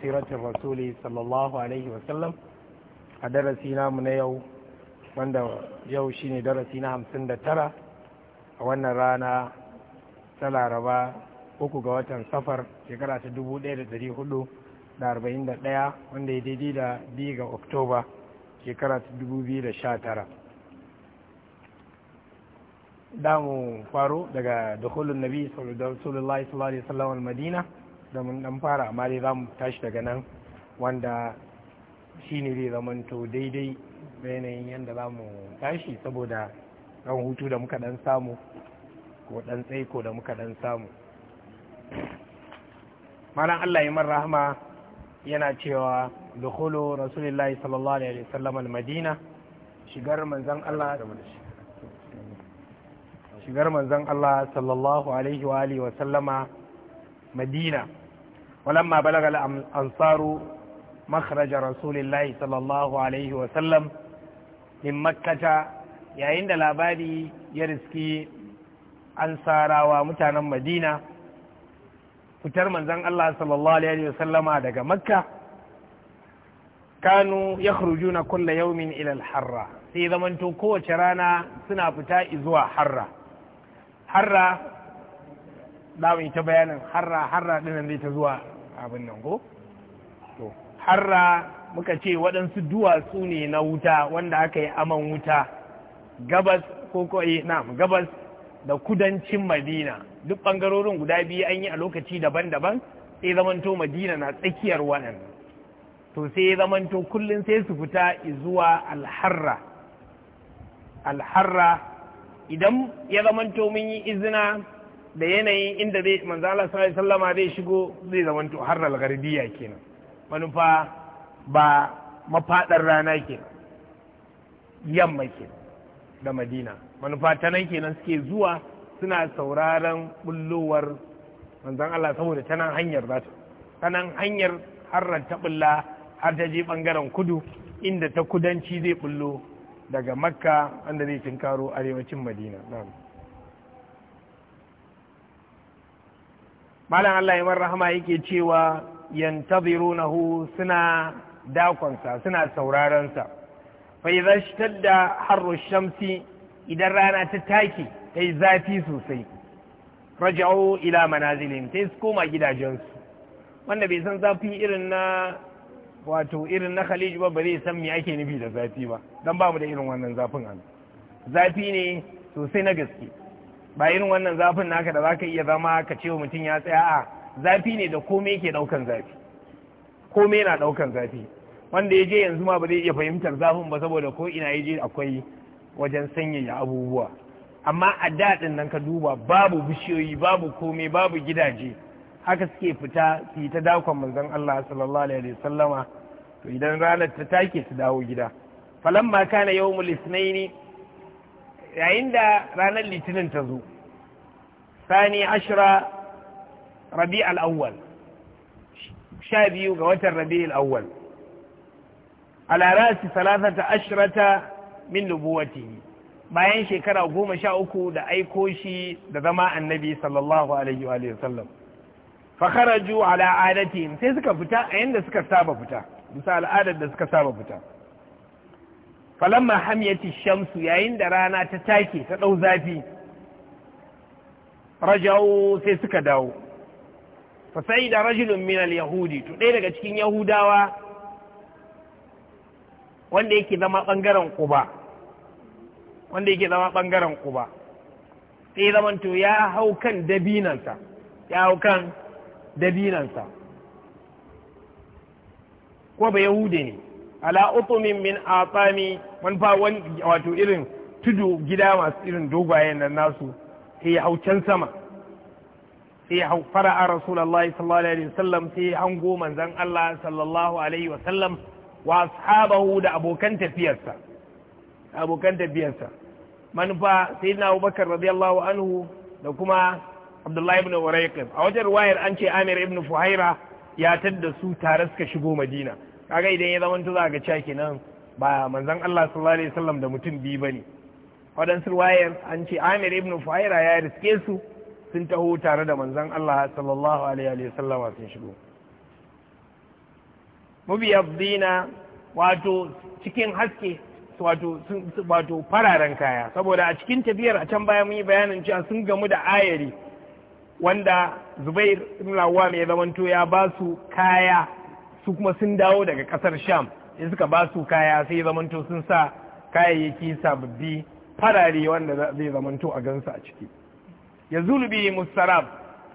siratin rasuli sallallahu alaihi wasallam a darasi namu na yau wanda yau shine darasi na hamsin da tara a wannan rana ta laraba uku ga watan safar shekara ta dubu ɗaya da ɗari hudu da arba'in da ɗaya wanda ya daidai da biyu ga oktoba shekara ta dubu biyu da sha tara damu faro daga dukkanin nabi sallallahu alaihi wasallam al-madina da mun dan fara amma dai za mu tashi daga nan wanda shi ne zai zamanto daidai da yanayin yadda za mu tashi saboda ɗan hutu da muka ɗan samu ko ɗan tsaiko da muka ɗan samu malam Allah yi rahama yana cewa lu'ul-kholo rasulillah sallallahu alaihi wasallam al-madina shigar manzon Allah shigar manzon Allah sallallahu alaihi wa alihi wa sallama madina ولما بلغ الأنصار مخرج رسول الله صلى الله عليه وسلم من مكة yayin da labari ya riski an sarawa mutanen madina fitar manzan Allah sallallahu alaihi wasallama daga makka kanu ya na kulla yaumin ilal harra sai zamanto kowace rana suna fita zuwa harra harra za mu yi ta bayanin harra harra dinan zai zuwa abin nan ko to harra muka ce waɗansu duwatsu ne na wuta wanda aka yi aman wuta gabas ko eh, na gabas da kudancin madina duk ɓangarorin guda biyu an yi a lokaci daban-daban sai zamanto madina na tsakiyar waɗannan to sai ya zamanto kullum sai su fita zuwa alharra alharra idan ya zamanto mun yi izina da yanayin inda zai manzo Allah sallallahu alaihi wasallama zai shigo zai to har al-gharbiya kenan manufa ba mafadar rana kenan yamma kenan da Madina manufa ta nan kenan suke zuwa suna sauraron bullowar manzon Allah saboda ta nan hanyar za ta ta nan hanyar harran ta bulla har ta je bangaren kudu inda ta kudanci zai bullo daga makka wanda zai tinkaro arewacin madina na'am malam Allah ya rahama yake cewa yantazirunahu suna dakonsa suna saurarensa fa idza shtadda harru shamsi idan rana ta take ta yi zafi sosai raja'u ila manazilin ta su koma gidajensu wanda bai san zafi irin na wato irin na Khalid ba ba zai san me ake nufi da zafi ba dan ba mu da irin wannan zafin an zafi ne sosai na gaske ba irin wannan zafin naka da zaka iya zama ka ce wa mutum ya tsaya a zafi ne da komai ke daukan zafi komai na daukan zafi wanda ya je yanzu ma ba zai iya fahimtar zafin ba saboda ko ina ya je akwai wajen sanyaya abubuwa amma a daɗin nan ka duba babu bishiyoyi babu komai babu gidaje haka suke fita su yi ta dakon manzon Allah sallallahu alaihi wasallama to idan ranar ta take su dawo gida falamma kana yawmul isnaini yayin da ranar litinin ta zo sani ashira rabi al'awwal sha biyu ga watan rabi al'awwal a larasi salasata ashirata min nubuwati bayan shekara goma sha uku da aiko shi da zama annabi sallallahu alaihi wa sallam fakharaju ala adatihim sai suka fita a yanda suka saba fita bisa al'adar da suka saba fita falamma hamiyati shamsu yayin da rana ta take ta ɗau zafi raja'u sai suka dawo fa sai da rajulun al yahudi to ɗaya daga cikin yahudawa wanda yake zama bangaren ƙuba wanda yake zama ɓangaren ƙuba sai to ya hau kan dabinansa ya hau kan dabinansa ko ba yahude ne ala utumin min atami man fa wato irin tudu gida masu irin dogayen nan nasu sai ya hau can sama sai ya hau fara'a rasulullahi sallallahu alaihi wasallam sai ya hango manzon Allah sallallahu alaihi wasallam wa ashabahu da abokan tafiyarsa abokan tafiyarsa man fa sai na abubakar radiyallahu anhu da kuma abdullahi ibn waraiqin a wajen ruwayar an ce amir ibn fuhaira ya tadda su tare suka shigo madina kaga idan ya zamanta za ga caki nan ba manzan Allah sallallahu alaihi wasallam da mutum biyu bane waɗansu wayar an ce Amir ibn Fuhaira ya riske su sun taho tare da manzan Allah sallallahu alaihi wasallam sun shigo mubiyabdina wato cikin haske wato wato fararen kaya saboda a cikin tafiyar a can baya mun yi bayanin cewa sun gamu da ayari wanda Zubair ibn Awwam ya zamanto ya ba su kaya su kuma sun dawo daga ƙasar sham in suka ba su kaya sai zamanto sun sa kayayyaki sababbi farare wanda zai zamanto a gansu a ciki ya zulubi mustarab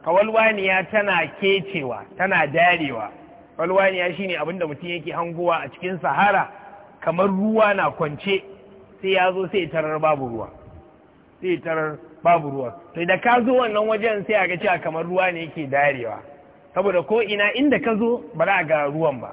kawalwaniya tana kecewa tana darewa kawalwaniya shine abin da mutum yake hangowa a cikin sahara kamar ruwa na kwance sai ya zo sai tarar babu ruwa sai tarar babu ruwa sai da ka zo wannan wajen sai a ga cewa kamar ruwa ne yake darewa saboda ko ina inda ka zo ba za a ga ruwan ba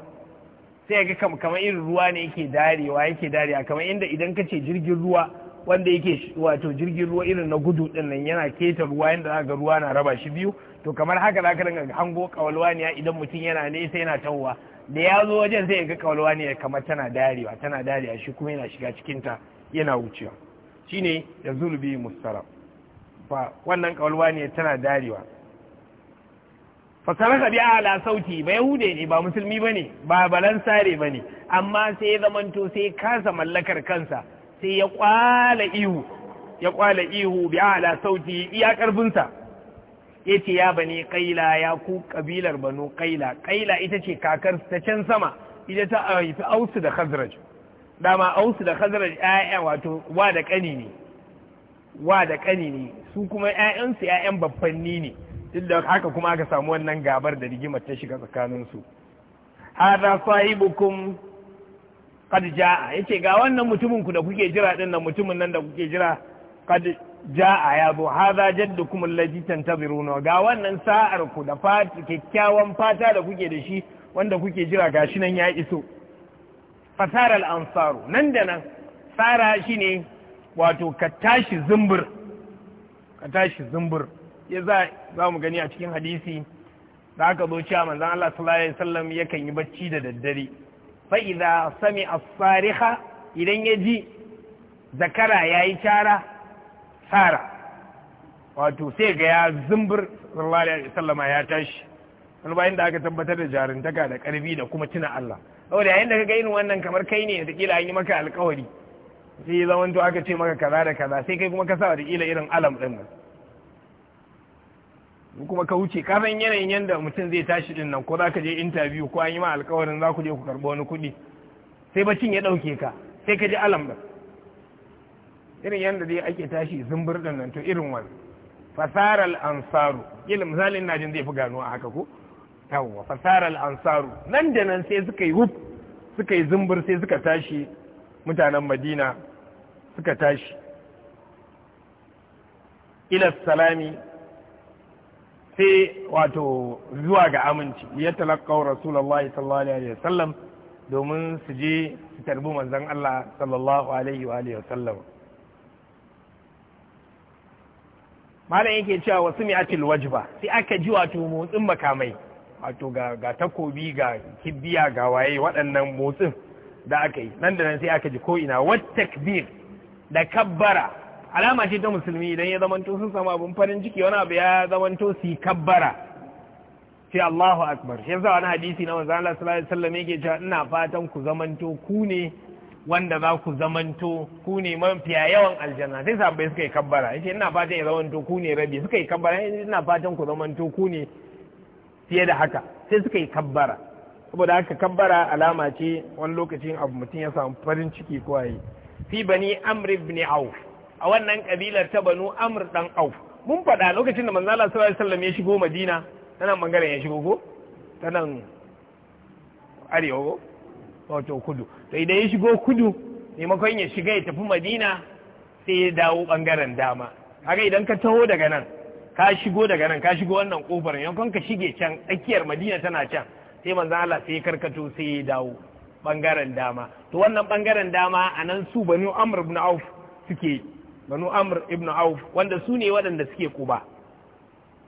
sai ga kamar irin ruwa ne yake darewa yake darewa kamar inda idan ka ce jirgin ruwa wanda yake wato jirgin ruwa irin na gudu din nan yana keta ruwa yanda za ga ruwa na raba shi biyu to kamar haka za ka dinga hango kawalwaniya idan mutum yana nesa yana tahowa da ya zo wajen sai ga kawalwaniya kamar tana darewa tana darewa shi kuma yana shiga cikin ta yana wucewa shine yanzu lubi mustara fa wannan kawalwaniya tana darewa fasaraka bi ala sauti ba yahude ne ba musulmi bane ba sare bane amma sai ya zamanto sai kasa mallakar kansa sai ya kwala ihu ya kwala ihu bi ala sauti iya karfinsa ce ya bani kaila ya ku kabilar banu kaila kaila ita ce kakar ta can sama ita ta haifi ausu da khazraj dama ausu da khazraj ya wato wa da kani ne su kuma ƴaƴansu ƴaƴan baffanni ne duk da haka kuma aka samu wannan gabar da rigimar ta shiga tsakaninsu hada sahibukum kad jaa yace ga wannan mutumin ku da kuke jira din nan mutumin nan da kuke jira kad jaa ya zo hada jaddukum allazi tantaziruna ga wannan sa'ar ku da fati kikkiawan fata da kuke da shi wanda kuke jira gashi nan ya iso fasara al-ansaru nan da nan fara shine wato ka tashi zumbur ka tashi zumbur ya za za mu gani a cikin hadisi da aka zo cewa manzon Allah sallallahu alaihi wasallam yakan yi bacci da daddare fa idza sami as-sariha idan ya ji zakara yayi cara sara wato sai ga ya zumbur sallallahu alaihi wasallama ya tashi wani bayan da aka tabbatar da jarintaka da karfi da kuma tuna Allah saboda yayin da kaga irin wannan kamar kai ne da kila an yi maka alkawari sai zamanto to aka ce maka kaza da kaza sai kai kuma ka sa da kila irin alam din kuma ka wuce ka yanayin yadda mutum zai tashi din nan ko za ka je interview ko an yi ma alkawarin za ku je ku karbo wani kuɗi sai bacin ya ɗauke ka sai ka ji alam ɗin irin yadda zai ake tashi zumbur ɗin nan to irin wani fasarar ansaru yadda misalin na jin zai fi gano a haka ko yawwa fasarar ansaru nan da nan sai suka yi wuf suka yi zumbur sai suka tashi mutanen madina suka tashi ila salami sai wato zuwa ga aminci ya talakkawo rasulullahi sallallahu alaihi wa sallam domin su je su tarbi manzon Allah sallallahu alaihi wa alihi wa sallam malam yake cewa wasu mi'atil wajba sai aka ji wato motsin makamai wato ga takobi ga kibiya ga waye waɗannan motsin da aka yi nan da nan sai aka ji ko ina takbir da kabbara alama ce ta musulmi idan ya zamanto sun samu abin farin ciki wani abu ya zamanto su kabbara ce Allahu akbar shi yasa wani hadisi na manzo Allah sallallahu alaihi wasallam yake cewa ina fatan ku zamanto ku ne wanda za ku zamanto ku ne mafiya yawan aljanna sai sabbai suka yi kabbara yace ina fatan ya zamanto ku ne rabi suka yi kabbara ina fatan ku zamanto ku ne fiye da haka sai suka yi kabbara saboda haka kabbara alama ce wani lokacin abu mutum ya samu farin ciki ko yayi fi bani amr ibn auf a wannan kabilar ta banu amr dan auf mun faɗa lokacin da manzala sallallahu alaihi wasallam ya shigo madina tana bangaren ya shigo ko tana ko wato kudu to idan ya shigo kudu makon ya shiga ya tafi madina sai ya dawo bangaren dama kaga idan ka taho daga nan ka shigo daga nan ka shigo wannan kofar maimakon ka shige can tsakiyar madina tana can sai manzo sai ya karkato sai ya dawo bangaren dama to wannan bangaren dama anan su banu amr ibn auf suke banu amr ibn auf wanda su ne waɗanda suke kuba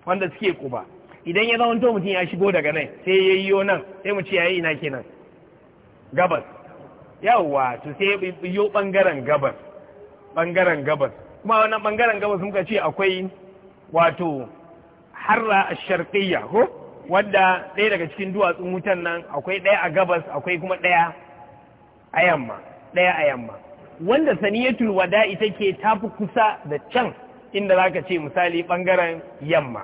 wanda suke kuba idan ya zama mutum ya shigo daga nan sai ya yi nan sai mu ce yi ina kenan gabas yawwa to sai ya yi bangaren gabas bangaren gabas kuma wannan bangaren gabas muka ce akwai wato harra sharqiyya ko wanda ɗaya daga cikin duwatsun wutan nan akwai ɗaya a gabas akwai kuma ɗaya a yamma ɗaya a yamma wanda saniyatul wada'i take tafi kusa da can inda zaka ce misali bangaren yamma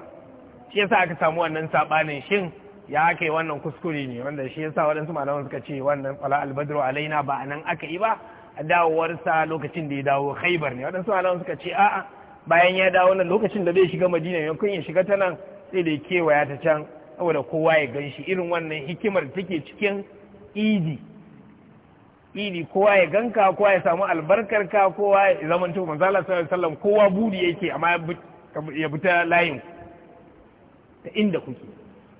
shi yasa aka samu wannan sabanin shin ya aka yi wannan kuskure ne wanda shi yasa waɗansu malaman suka ce wannan fala albadru alaina ba nan aka yi ba a dawowarsa lokacin da ya dawo khaibar ne waɗansu malaman suka ce a'a bayan ya dawo nan lokacin da zai shiga madina kun ya shiga ta nan sai da ya kewaya ta can saboda kowa ya gan shi irin wannan hikimar take cikin idi ili kowa ya ganka kowa ya samu albarkar ka kowa ya zamanto manzo Allah sallallahu alaihi wasallam kowa buri yake amma ya buta layin ta inda kuke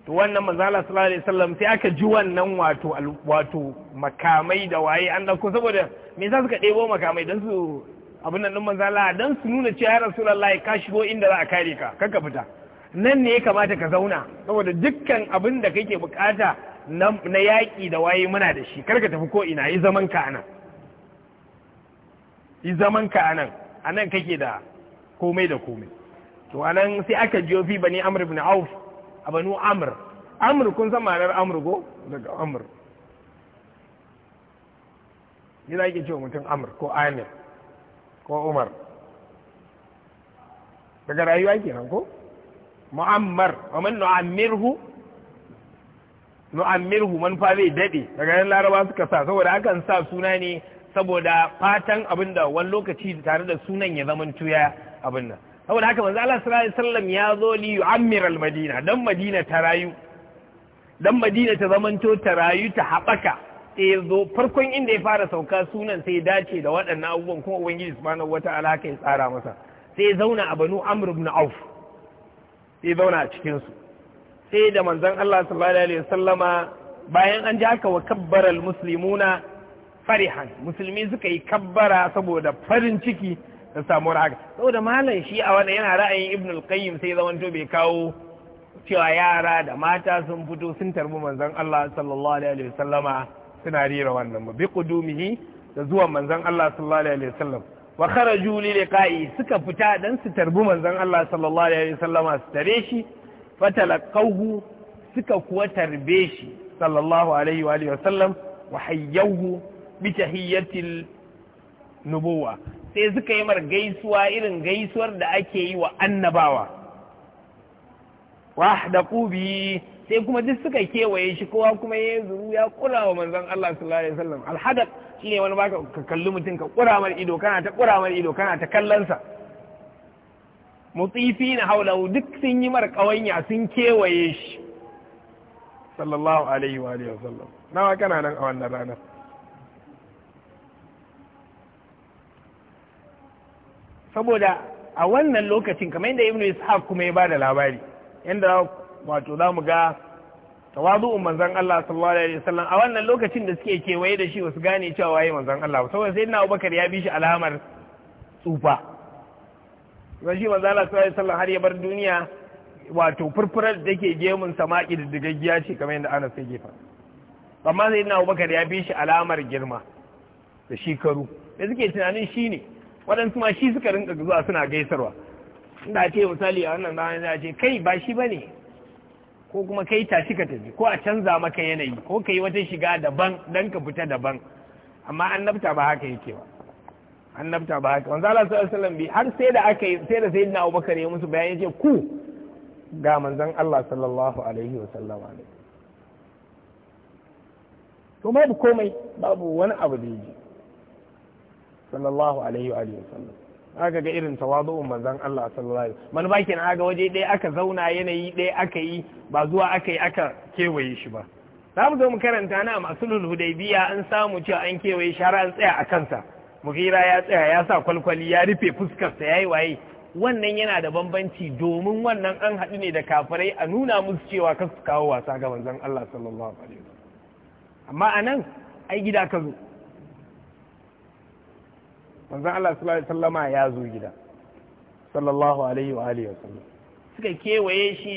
to wannan manzo Allah sallallahu alaihi wasallam sai aka ji wannan wato wato makamai da waye an ko saboda me yasa suka ɗebo makamai dan su abin nan manzo Allah dan su nuna cewa ya rasulullahi ka shigo inda za a kare ka kanka fita nan ne ya kamata ka zauna saboda dukkan abin da kake bukata na yaƙi da waye muna da shi karka tafi ko ina yi zaman ka anan yi zaman ka anan anan kake da komai da komai to anan sai aka jiyo fi bani amr ibn auf a banu amr amr kun san ma'anar amr go daga amr ni da yake cewa mutum amr ko amir ko umar daga rayuwa kenan ko mu'ammar wa man nu'ammirhu nu'ammirhu manufa zai dade daga yan laraba suka sa saboda hakan sa suna ne saboda fatan abin da wani lokaci tare da sunan ya zama tuya abin nan saboda haka manzo Allah sallallahu alaihi wasallam ya zo li yu'ammir al-madina dan madina ta rayu dan madina ta zamanto ta rayu ta habaka ya zo farkon inda ya fara sauka sunan sai dace da waɗannan abubuwan kuma ubangiji subhanahu wata'ala haka ya tsara masa sai ya zauna a banu amr ibn auf sai zauna a cikin su sai da manzan Allah sallallahu alaihi wasallama bayan an ji haka wa kabbaral musulmuna farihan musulmi suka yi kabbara saboda farin ciki da samuwar haka saboda malam shi a wanda yana ra'ayin ibn al-qayyim sai zamanto bai kawo cewa yara da mata sun fito sun tarbi manzan Allah sallallahu alaihi wasallama suna rera wannan bi qudumihi da zuwan manzan Allah sallallahu alaihi wasallam wa kharaju li liqa'i suka fita dan su tarbi manzan Allah sallallahu alaihi wasallama su tare shi fatalaqahu suka kuwa tarbe shi sallallahu alaihi wa alihi wasallam wa hayyawhu bi nubuwa sai suka yi mar gaisuwa irin gaisuwar da ake yi wa annabawa wahdaqu bi sai kuma duk suka kewaye shi kowa kuma ya zuru ya kura wa manzon Allah sallallahu alaihi wasallam alhadaq shine wani baka ka kalli mutum ka kura mar ido kana ta kura mar ido kana ta kallonsa. mutsifi na haulahu duk sun yi mara ƙawanya sun kewaye shi sallallahu alaihi wa sallam nawa kana nan a wannan ranar saboda a wannan lokacin kamar yadda ibnu ishaq kuma ya bada labari yadda wato za mu ga tawazu'un manzon Allah sallallahu alaihi wasallam a wannan lokacin da suke kewaye da shi wasu gane cewa waye manzon Allah saboda sai na Abubakar ya bi shi alamar tsufa zan shi manzo Allah sallallahu alaihi har ya bar duniya wato furfurar da take gemun da digaggiya ce kamar yadda Anas yake gefa amma sai ina Abubakar ya bi shi alamar girma da shekaru da suke tunanin shi ne waɗansu ma shi suka rinka zuwa suna gaisarwa inda ce misali a wannan zamanin da ce kai ba shi bane ko kuma kai tashi ka tafi ko a canza maka yanayi ko kai wata shiga daban dan ka fita daban amma annabta ba haka yake ba annabta ba haka manzo Allah sallallahu alaihi wasallam bi har sai da aka sai da sayyidina Abubakar ya musu bayani ce ku ga manzon Allah sallallahu alaihi wasallam to babu komai babu wani abu da yake sallallahu alaihi wa sallam aka ga irin tawazu'un manzon Allah sallallahu alaihi wasallam man bakin ga waje dai aka zauna yanayi dai aka yi ba zuwa aka yi aka kewaye shi ba za mu zo mu karanta na masu lulhu an samu cewa an kewaye shara an tsaya a kansa mugira ya tsaya ya sa kwalkwali ya rufe fuskarsa ya yi waye wannan yana da bambanci domin wannan an haɗu ne da kafirai a nuna musu cewa ka su kawo wasa ga manzon Allah sallallahu alaihi amma a nan ai gida ka zo manzon Allah sallallahu alaihi wasallama ya zo gida sallallahu alaihi wa alihi wasallam suka kewaye shi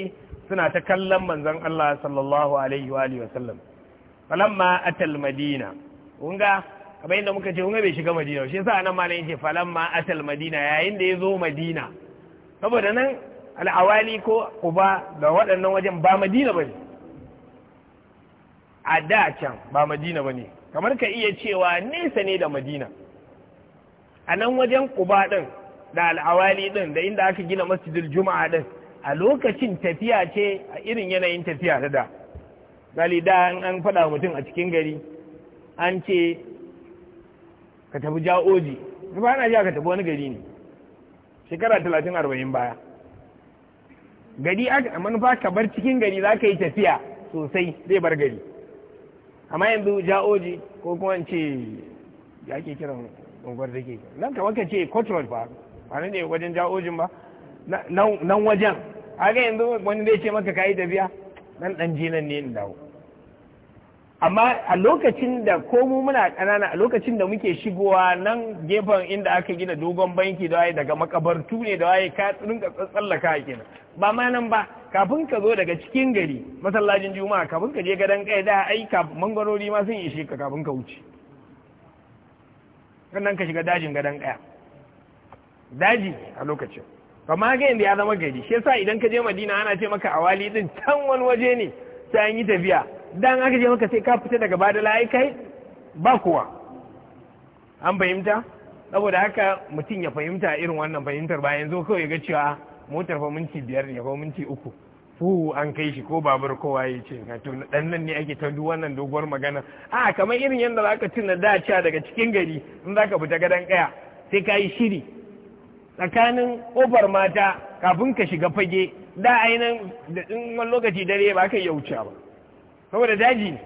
suna ta kallon manzon Allah sallallahu alaihi wa alihi wasallam falamma atal madina kun ga kamar yadda muka ce bai shiga madina shi sa nan malam yace falamma asal madina yayin da ya zo madina saboda nan al'awali ko kuba da waɗannan wajen ba madina ba ne, a da can ba madina ba ne. kamar ka iya cewa nesa ne da madina a nan wajen kuba ɗin da al'awali ɗin da inda aka gina masjidul juma'a ɗin, a lokacin tafiya ce a irin yanayin tafiya ta da gali da an faɗa mutum a cikin gari an ce ka tafi ja'oji ba ana jiya ka tafi wani gari ne shekara talatin arba'in baya gari a manufa ka bar cikin gari za ka yi tafiya sosai zai bar gari amma yanzu ja'oji ko kuma ce ya ke kiran unguwar da ke nan kamar ka ce kotrol ba ba ne wajen ja'ojin ba nan wajen a ga yanzu wani zai ce maka ka yi tafiya nan dan jinan ne in dawo amma a lokacin da ko mu muna ƙanana a lokacin da muke shigowa nan gefen inda aka gina dogon banki da waye daga makabartu ne da waye ka rinka tsallaka kenan ba ma nan ba kafin ka zo daga cikin gari masallacin juma'a kafin ka je gadon kai da ai mangarori ma sun ishe ka kafin ka wuce sannan ka shiga dajin gadon kaya daji a lokacin ma ga inda ya zama gari shi yasa idan ka je madina ana ce maka awali din can wani waje ne sai an yi tafiya dan aka je maka sai ka fita daga badala ai kai ba kowa an fahimta saboda haka mutum ya fahimta irin wannan fahimtar bayan zo kawai ga cewa motar fa minti biyar ne ko minti uku fu an kai shi ko babur kowa ya ce ka to dan nan ne ake ta duk wannan doguwar magana a kamar irin yadda zaka tuna da cewa daga cikin gari in zaka fita gadan kaya sai ka yi shiri tsakanin ƙofar mata kafin ka shiga fage da ainihin da in wani lokaci dare ba ka wuce ba saboda daji ne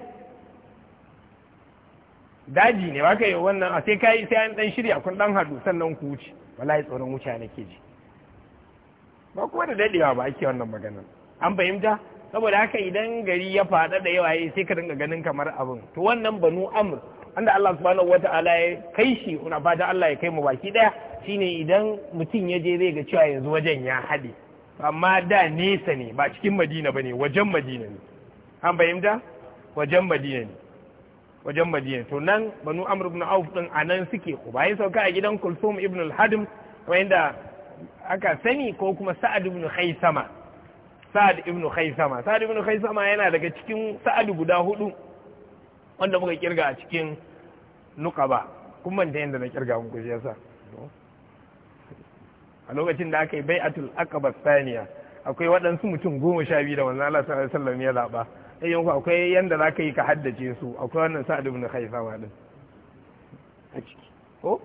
daji ne ba ka yi wannan a sai kai sai an dan shiri kun dan hadu sannan ku wuce wallahi tsoron wuce ke ji ba kuma da dadewa ba ake wannan maganar an fahimta saboda haka idan gari ya fada da yawa eh, sai ka dinga ganin kamar abin to wannan banu amr anda Allah subhanahu wata'ala ya kai shi una fata Allah ya kai mu baki daya shine idan mutum ya je zai ga cewa yanzu wajen ya haɗe amma da nesa ne ba cikin Madina bane wajen Madina ne an fahimta wajen madina ne wajen madina to nan banu amr ibn auf din anan suke ko bayan sauka a gidan kulsum ibn al-hadim wanda aka sani ko kuma sa'ad ibn khaisama sa'ad ibn khaisama sa'ad ibn khaisama yana daga cikin sa'ad guda hudu wanda muka kirga a cikin nuqaba kun manta yanda na kirga muku shi yasa a lokacin da aka yi bai'atul aqaba saniya akwai waɗansu mutum goma sha biyu da manzon Allah sallallahu alaihi wasallam ya zaba yin akwai yadda za ka yi ka haddace su akwai wannan sa'ad ibn khaisama din a ciki ko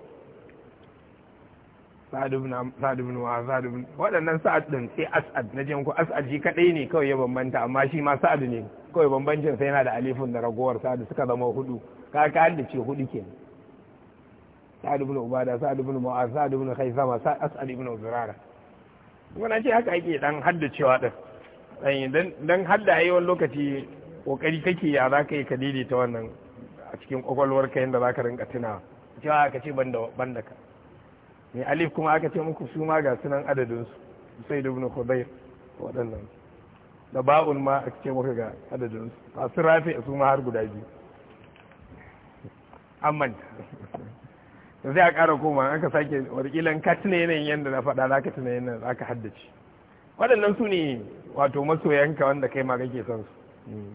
sa'ad ibn sa'ad ibn wa sa'ad ibn waɗannan sa'ad din sai as'ad na jin ku as'ad shi kadai ne kawai ya bambanta amma shi ma sa'ad ne kawai bambancin sai yana da alifin da ragowar sa'ad suka zama hudu ka ka haddace hudu kenan sa'ad ibn ubada sa'ad ibn mu'az sa'ad ibn khaisama sa'ad ibn zurara wannan ce haka ake dan haddacewa din Eh, don hadda a yawan lokaci kokari kake ya za ka yi ka daidaita wannan a cikin kwakwalwar ka yadda za ka rinka tuna cewa aka ce ban da ka mai alif kuma aka ce muku su ma ga sunan adadinsu sai dubna ibn waɗannan da ba'un ma aka ce muka ga adadinsu masu rafi su ma har guda biyu amman da zai a ƙara koma aka sake warkilan ka tuna yanayin yadda na faɗa za ka tuna yanayin za ka haddace waɗannan su ne wato masoyanka wanda kai ma kake son su hmm.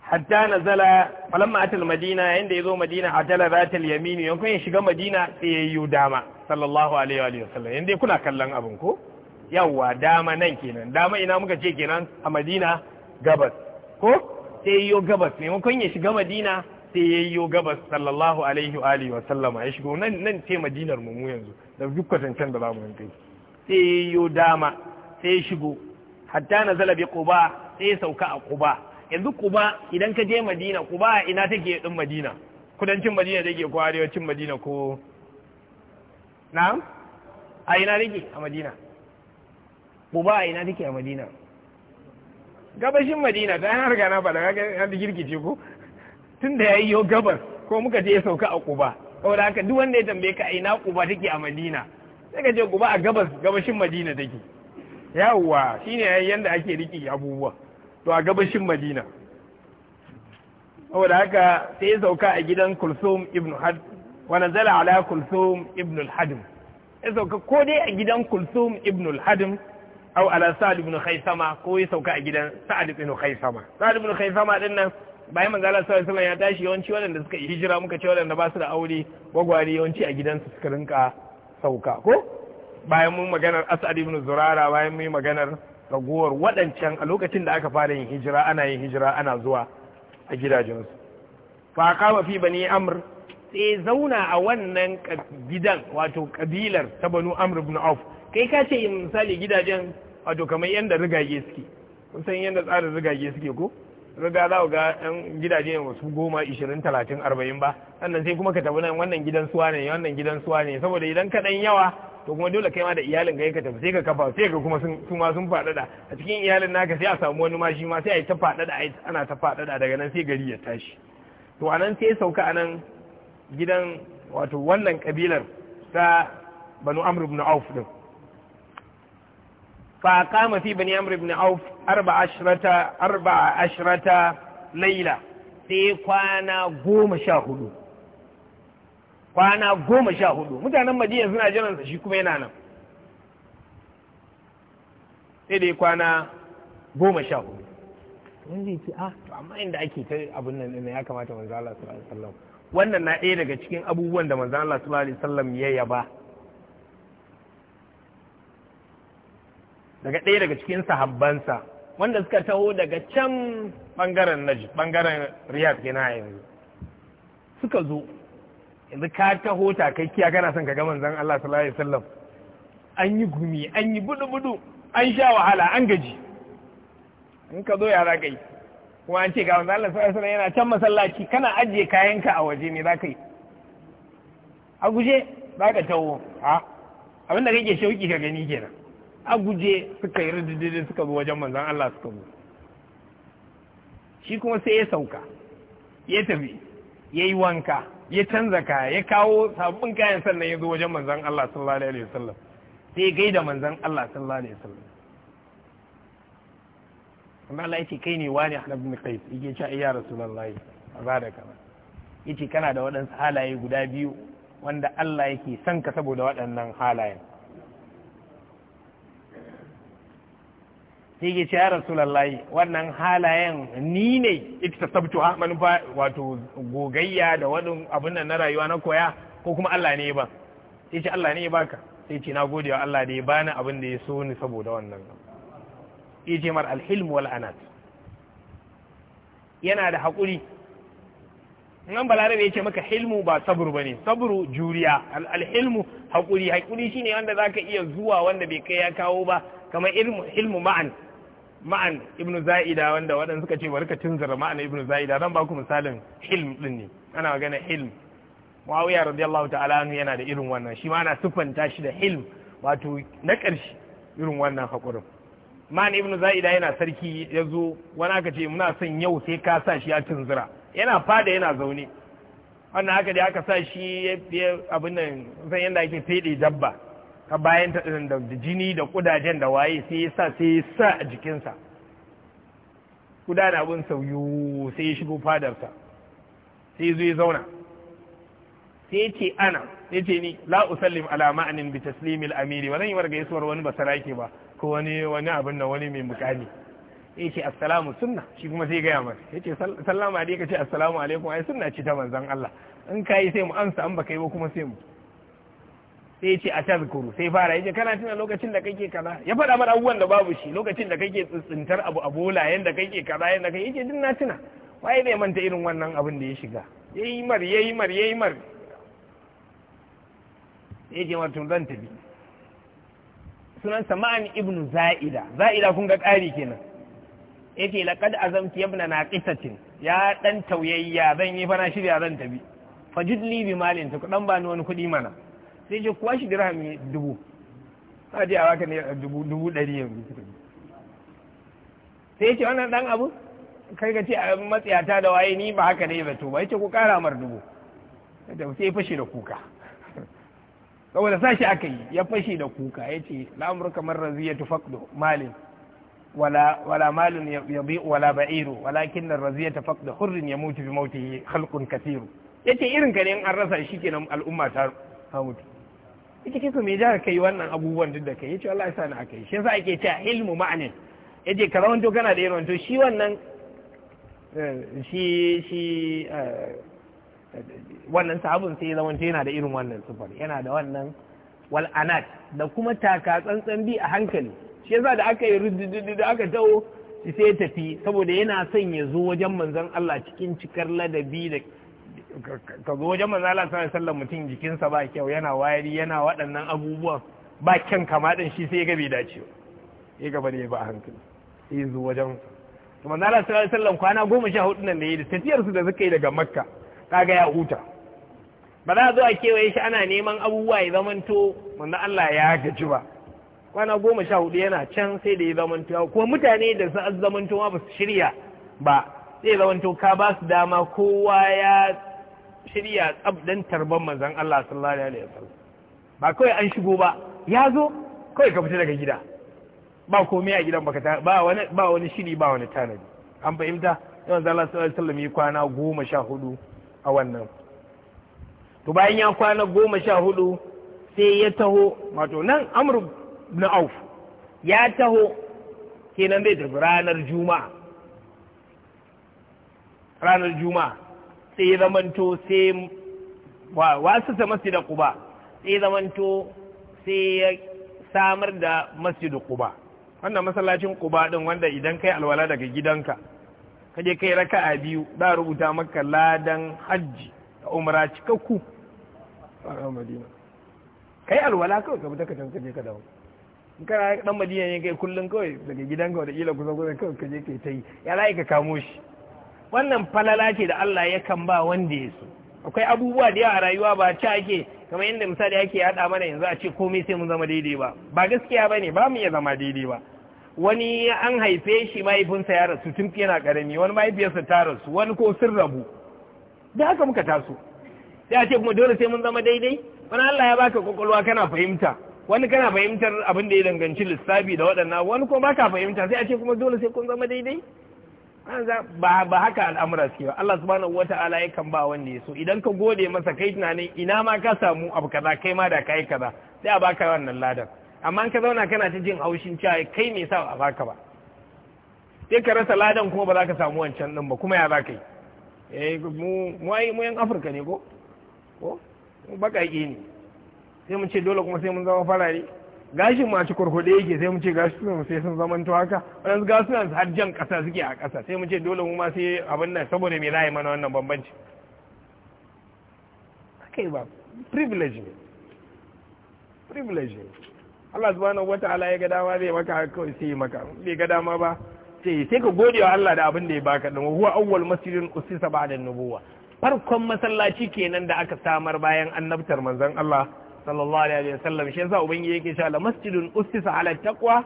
hatta nazala falamma atal madina yayin yazo madina atala zatal yamini yayin kun shiga madina sai yayyu dama sallallahu alaihi wa sallam yayin kuna kallon abin ko yawa dama nan kenan dama ina muka ce kenan a madina gabas ko sai yayyo gabas mun ya shiga madina sai yayyo gabas sallallahu alaihi wa alihi wa ya shigo nan nan ce madinar mu yanzu da dukkan can da zamu yankai sai yayyo dama sai shigo hatta zala bi quba sai sauka a ƙuba yanzu ƙuba idan ka je madina quba ina take din madina kudancin madina take ko arewacin madina ko na'am a ina take a madina ƙuba a ina take a madina gabashin madina ta yana riga na fada ga yana girgice ko tun da yayi yo gabar ko muka je sauka a quba saboda haka duk wanda ya tambaye ka a ina ƙuba take a madina sai ka je quba a gabas gabashin madina take yawwa shine yadda ake riki abubuwa to a gabashin madina saboda haka sai ya sauka a gidan kulsum ibn had wa nazala ala kulsum ibn al-hadim ya sauka ko dai a gidan kulsum ibn al-hadim au ala sa'd ibn khaisama ko ya sauka a gidan sa'd ibn khaisama sa'd ibn khaisama din nan bayan manzo Allah sallallahu alaihi ya tashi yawanci wadanda suka yi hijira muka ce wadanda ba su da aure gwagware yawanci a gidansu suka rinka sauka ko bayan mun maganar as'ad ibn zurara bayan mun maganar ragowar waɗancan a lokacin da aka fara yin hijira ana yin hijira ana zuwa a gidajensu fa kama fi bani amr sai zauna a wannan gidan wato kabilar ta banu amr ibn auf kai ka ce misali gidajen wato kamar yadda rigage suke kun san yadda tsarin rigage suke ko riga za ga yan gidaje wasu goma ishirin talatin arba'in ba sannan sai kuma ka tafi nan wannan gidan suwa ne wannan gidan suwa ne saboda idan ka ɗan yawa to kuma dole kai ma da iyalin ka yanka tafi sai ka kafa sai ka kuma sun ma sun faɗaɗa a cikin iyalin naka sai a samu wani ma shi ma sai a yi ta ana ta faɗaɗa daga nan sai gari ya tashi to a sai sauka anan gidan wato wannan kabilar ta banu amr ibn auf din fa qama fi bani amr ibn auf arba ashrata arba ashrata layla sai kwana goma sha hudu kwana goma sha hudu mutanen madina suna jiransa shi kuma yana nan sai dai kwana goma sha hudu wani zai ce ah to amma inda ake ta abin nan ya kamata manzo Allah sallallahu alaihi wasallam wannan na ɗaya daga cikin abubuwan da manzo Allah sallallahu alaihi wasallam ya yaba daga ɗaya daga cikin sahabbansa wanda suka taho daga can bangaren najib bangaren riyad kenan yanzu suka zo yanzu ka taho kiya kana son ka ga manzon Allah sallallahu alaihi wasallam an yi gumi an yi budu budu an sha wahala an gaji in ka zo yara kai kuma an ce ga manzon Allah sallallahu alaihi wasallam yana can masallaci kana ajiye kayanka a waje ne zaka yi a guje zaka taho a abin da kake shauki ka gani kenan a guje suka yi ridididin suka zo wajen manzon Allah suka zo shi kuma sai ya sauka ya tafi ya yi wanka ya canza kaya ya kawo sabbin kayan sannan ya zo wajen manzan Allah sallallahu alaihi wasallam sai ya gaida manzan Allah sallallahu alaihi wasallam amma Allah yake kai ne wani Ahmad bin Qais yake cewa eh, ya Rasulullahi ba da yace kana da waɗansu halaye guda biyu wanda Allah yake son ka saboda waɗannan halayen Sai ya ce ya rasulallahi wannan halayen ni ne ita sabtu ha manufa wato gogayya da wani abin nan na rayuwa na koya ko kuma Allah ne ya ba sai ce Allah ne ya baka sai ce na gode wa Allah da ya bani abin da ya so ni saboda wannan ce mar alhilm wal anat yana da haƙuri nan balarabe ya ce maka hilmu ba sabru bane sabru juriya alhilmu haƙuri haƙuri shine wanda zaka iya zuwa wanda bai kai ya kawo ba kamar ilmu ilmu ma'an ma'an ibn za'ida wanda waɗanda suka ce barka ka tunzura ma'an ibn za'ida zan ba ku misalin ilm din ne ana magana hilm muawiya radiyallahu ta'ala anhu yana da irin wannan shi ma ana sufanta shi da ilm wato na ƙarshe irin wannan hakurin ma'an ibn za'ida yana sarki ya zo wani aka ce muna son yau sai ka sa shi ya tunzura yana fada yana zaune wannan haka da aka sa shi abin nan san yanda ake feɗe dabba ta bayan ta da jini da kudajen da waye sai ya sa sai ya sa a jikinsa kuda na bin sauyu sai ya shigo fadarsa sai ya zo ya zauna sai ya ce ana sai ce ni la usallim ala ma'anin bi taslimil amiri ba zan yi warga yasuwar wani ba sarake ba ko wani wani abin da wani mai mukami sai ce assalamu sunna shi kuma sai gaya masa sai ce sallama dai ka ce assalamu alaikum ai sunna ce ta manzon Allah in ka yi sai mu amsa an baka yi ba kuma sai mu sai ce a tazkuru sai fara yaje kana tuna lokacin da kake kaza ya faɗa mana abubuwan da babu shi lokacin da kake tsintar abu a bola yanda kake kaza yanda kake yace din na tuna waye zai manta irin wannan abin da ya shiga yayi mar yayi mar yayi mar ya yi zan tafi sunan sama'an ibnu za'ida za'ida kun ga ƙari kenan yace laqad azamti ibna naqisatin ya dan tauyayya zan yi fana shirya zan tafi fajidli bi malin ku ba bani wani kuɗi mana sai je dira mai dubu a je a baka ne dubu ɗari yanzu sai ce wannan ɗan abu kai ka ce a matsayata da waye ni ba haka ne ba to ba ce ku kara mar dubu da sai fashi da kuka saboda sa shi aka yi ya fashi da kuka ya ce lamur kamar raziyatu da malin wala wala ya bi wala ba'iru walakin raziyatu faqdu hurrin mutu bi halkun kasiru ya ce irin ka ne an rasa shi kenan al'umma ta mutu ita ke ku me jihar kai wannan abubuwan duk da kai yace Allah ya sa ni akai shi yasa ake cewa ilmu ma'anin yaje ka rawanto kana da irin to shi wannan eh, shi shi eh, wannan sabon sai ta yana da irin wannan sifar yana da wannan wal anat da kuma taka tsantsan bi a hankali shi yasa da aka yi ruddudi da aka tawo sai ya tafi saboda yana son ya zo wajen manzon Allah cikin cikar ladabi da ka zo wajen manzo Allah sallallahu alaihi wasallam mutum jikinsa ba kyau yana wayari yana waɗannan abubuwan ba kyan kama din shi sai ga bai dace ya gaba da ba hankali sai zo wajen to manzo Allah sallallahu alaihi wasallam kwana goma sha hudu nan da tafiyar su da suka yi daga Makka kaga ya huta ba za a zo a kewaye shi ana neman abubuwa ya zamanto manzo Allah ya gaji ba kwana goma sha hudu yana can sai da ya zamanto kuma mutane da su zamanto ma ba su shirya ba sai zamanto ka ba su dama kowa ya shirya tsabdan tarban manzan Allah sallallahu alaihi wasallam ba kawai an shigo ba ya zo kawai ka fita daga gida ba komai a gidan baka ba wani ba wani shiri ba wani tanadi an fahimta sai manzan Allah sallallahu alaihi wasallam ya kwana goma sha hudu a wannan to bayan ya kwana goma sha hudu sai ya taho wato nan amru na auf ya taho kenan zai da ranar juma'a ranar juma'a sai zamanto sai wasu ta masjida quba sai zamanto sai ya samar da masjidu quba wannan masallacin quba din wanda idan kai alwala daga gidanka kaje kai raka'a biyu da rubuta maka ladan hajji da umra cikakku a madina kai alwala kawai ka fita ka tanka je ka dawo in kana dan madina ne kai kullun kawai daga gidanka da ila kusa kusa kawai kaje kai ta yi ya laika kamo shi wannan falala ce da Allah ya kan ba wanda ya so akwai abubuwa da yawa a rayuwa ba ci ake kamar yadda misali ake yada mana yanzu a ce komai sai mun zama daidai ba ba gaskiya ba ne ba mu iya zama daidai ba wani an haife shi mahaifinsa ya rasu tun yana karami wani mahaifiyarsa ta rasu wani ko sun rabu da haka muka taso sai a ce kuma dole sai mun zama daidai wani Allah ya baka kwakwalwa kana fahimta wani kana fahimtar abin da ya danganci lissafi da waɗannan wani kuma baka fahimta sai a ce kuma dole sai kun zama daidai ba haka al'amura suke ba Allah subhanahu wata'ala yakan ba wanda ya so idan ka gode masa kai tunanin ina ma ka samu abu kaza kai ma da kai kaza sai a baka wannan ladan amma ka zauna kana ta jin haushin cewa kai me yasa a baka ba sai ka rasa ladan kuma ba za ka samu wancan din ba kuma ya za ka yi eh mu mu ai mu yan Afirka ne ko ko mu yi ne sai mun ce dole kuma sai mun zama farare gashin ma ci kurkuɗe yake sai mu ce gashin sai sun zamanta haka wadansu gasunan su har jan ƙasa suke a ƙasa sai mu ce dole mu ma sai abin nan saboda me za mana wannan bambanci haka ba privilege ne privilege ne Allah subhanahu wata'ala ya ga dama zai maka kawai sai maka bai ga dama ba sai sai ka gode wa Allah da abin da ya baka din huwa awwal masjidin usisa ba'da nubuwa farkon masallaci kenan da aka samar bayan annabtar manzon Allah sallallahu alaihi wasallam shi yasa ubangiji yake cewa masjidun ustisa ala taqwa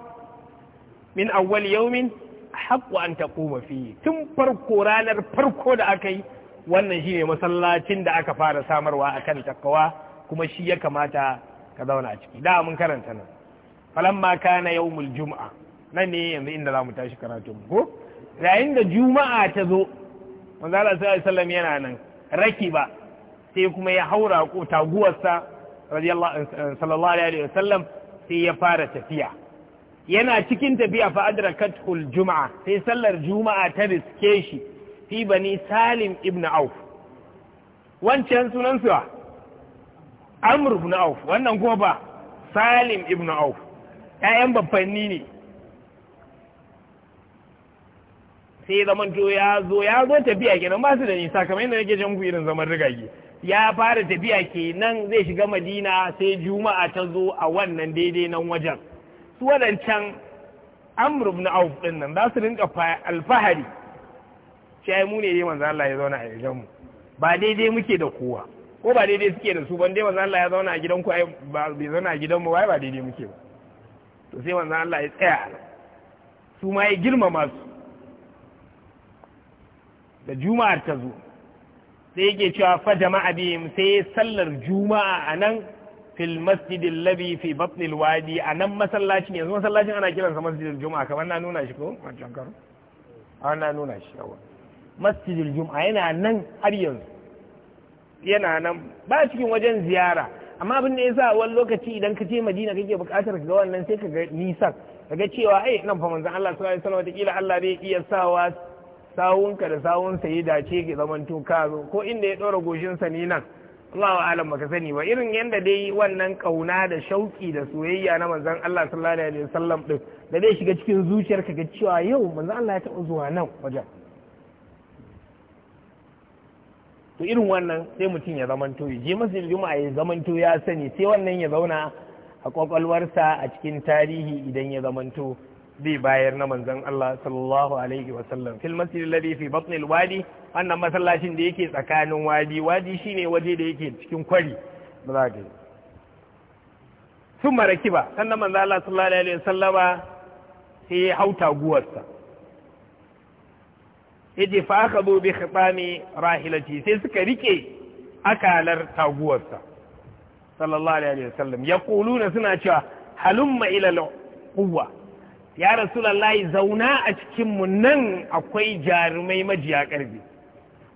min awwal yawmin haqqu an taquma fihi tun farko ranar farko da aka yi wannan shine masallacin da aka fara samarwa akan taqwa kuma shi ya kamata ka zauna a ciki da mun karanta nan falamma kana yawmul jumu'a nan ne yanzu inda zamu tashi karatun ko yayin da juma'a ta zo manzo Allah sallallahu alaihi wasallam yana nan raki ba sai kuma ya haura ko taguwarsa Eh, sallallahu alaihi wa sallam sai ya fara tafiya yana cikin tafiya fa adrakatul juma'a sai sallar juma'a ta riske shi fi bani salim ibn auf wancan sunan su amr ibn auf wannan kuma ba salim ibn auf ƴaƴan babbanni ne sai zaman to ya zo ya zo tafiya kenan ba su da nisa kamar yadda nake jan ku irin zaman rigage ya fara tafiya kenan zai shiga madina sai juma'a ta zo a wannan daidai nan wajen su wadancan amur ibn auf din nan za su rinka alfahari sai mu ne dai manzo Allah ya zauna a gidan mu ba daidai muke da kowa ko ba daidai suke da su ban dai manzo Allah ya zauna a gidan ku ai ba bai zauna a gidan mu ba ba daidai muke ba to sai manzo Allah ya tsaya su ma ya girmama su da juma'ar ta zo sai yake cewa fa jama'a bihim sai sallar juma'a anan fil masjidil ladhi fi batnil wadi nan masallacin yanzu masallacin ana kiransa masjidin juma'a kamar na nuna shi ko wancan karo ana nuna shi yawa masjidin juma'a yana nan har yanzu yana nan ba cikin wajen ziyara amma abin da ya sa wani lokaci idan ka je madina kake bukatar ka ga wannan sai ka ga nisan ka ga cewa ai nan fa manzon Allah sallallahu alaihi wasallam wata kila Allah zai iya sawa sawunka da sawun ya dace ki zaman ka zo ko inda ya ɗora goshinsa ni nan Allahu alam baka sani ba irin yadda dai wannan kauna da shauki da soyayya na manzon Allah sallallahu alaihi wasallam din da zai shiga cikin zuciyarka ga cewa yau manzon Allah ya taɓa zuwa nan wajen to irin wannan sai mutum ya zaman to je masa juma'a ya to ya sani sai wannan ya zauna a kwakwalwarsa a cikin tarihi idan ya to Bi bayar na manzon Allah sallallahu alaihi wa sallam fil masjid alladhi fi batn wadi annan masallacin da yake tsakanin wadi wadi shine waje da yake cikin kwari ba za ka sannan manzon Allah sallallahu alaihi wa sallama sai ya hauta guwarsa yace fa akhadhu bi khitami rahilati sai suka rike akalar taguwarsa sallallahu alaihi wa sallam yaquluna suna cewa halumma ila quwwa ya rasulallah zauna a cikinmu nan akwai jarumai majiya ƙarfi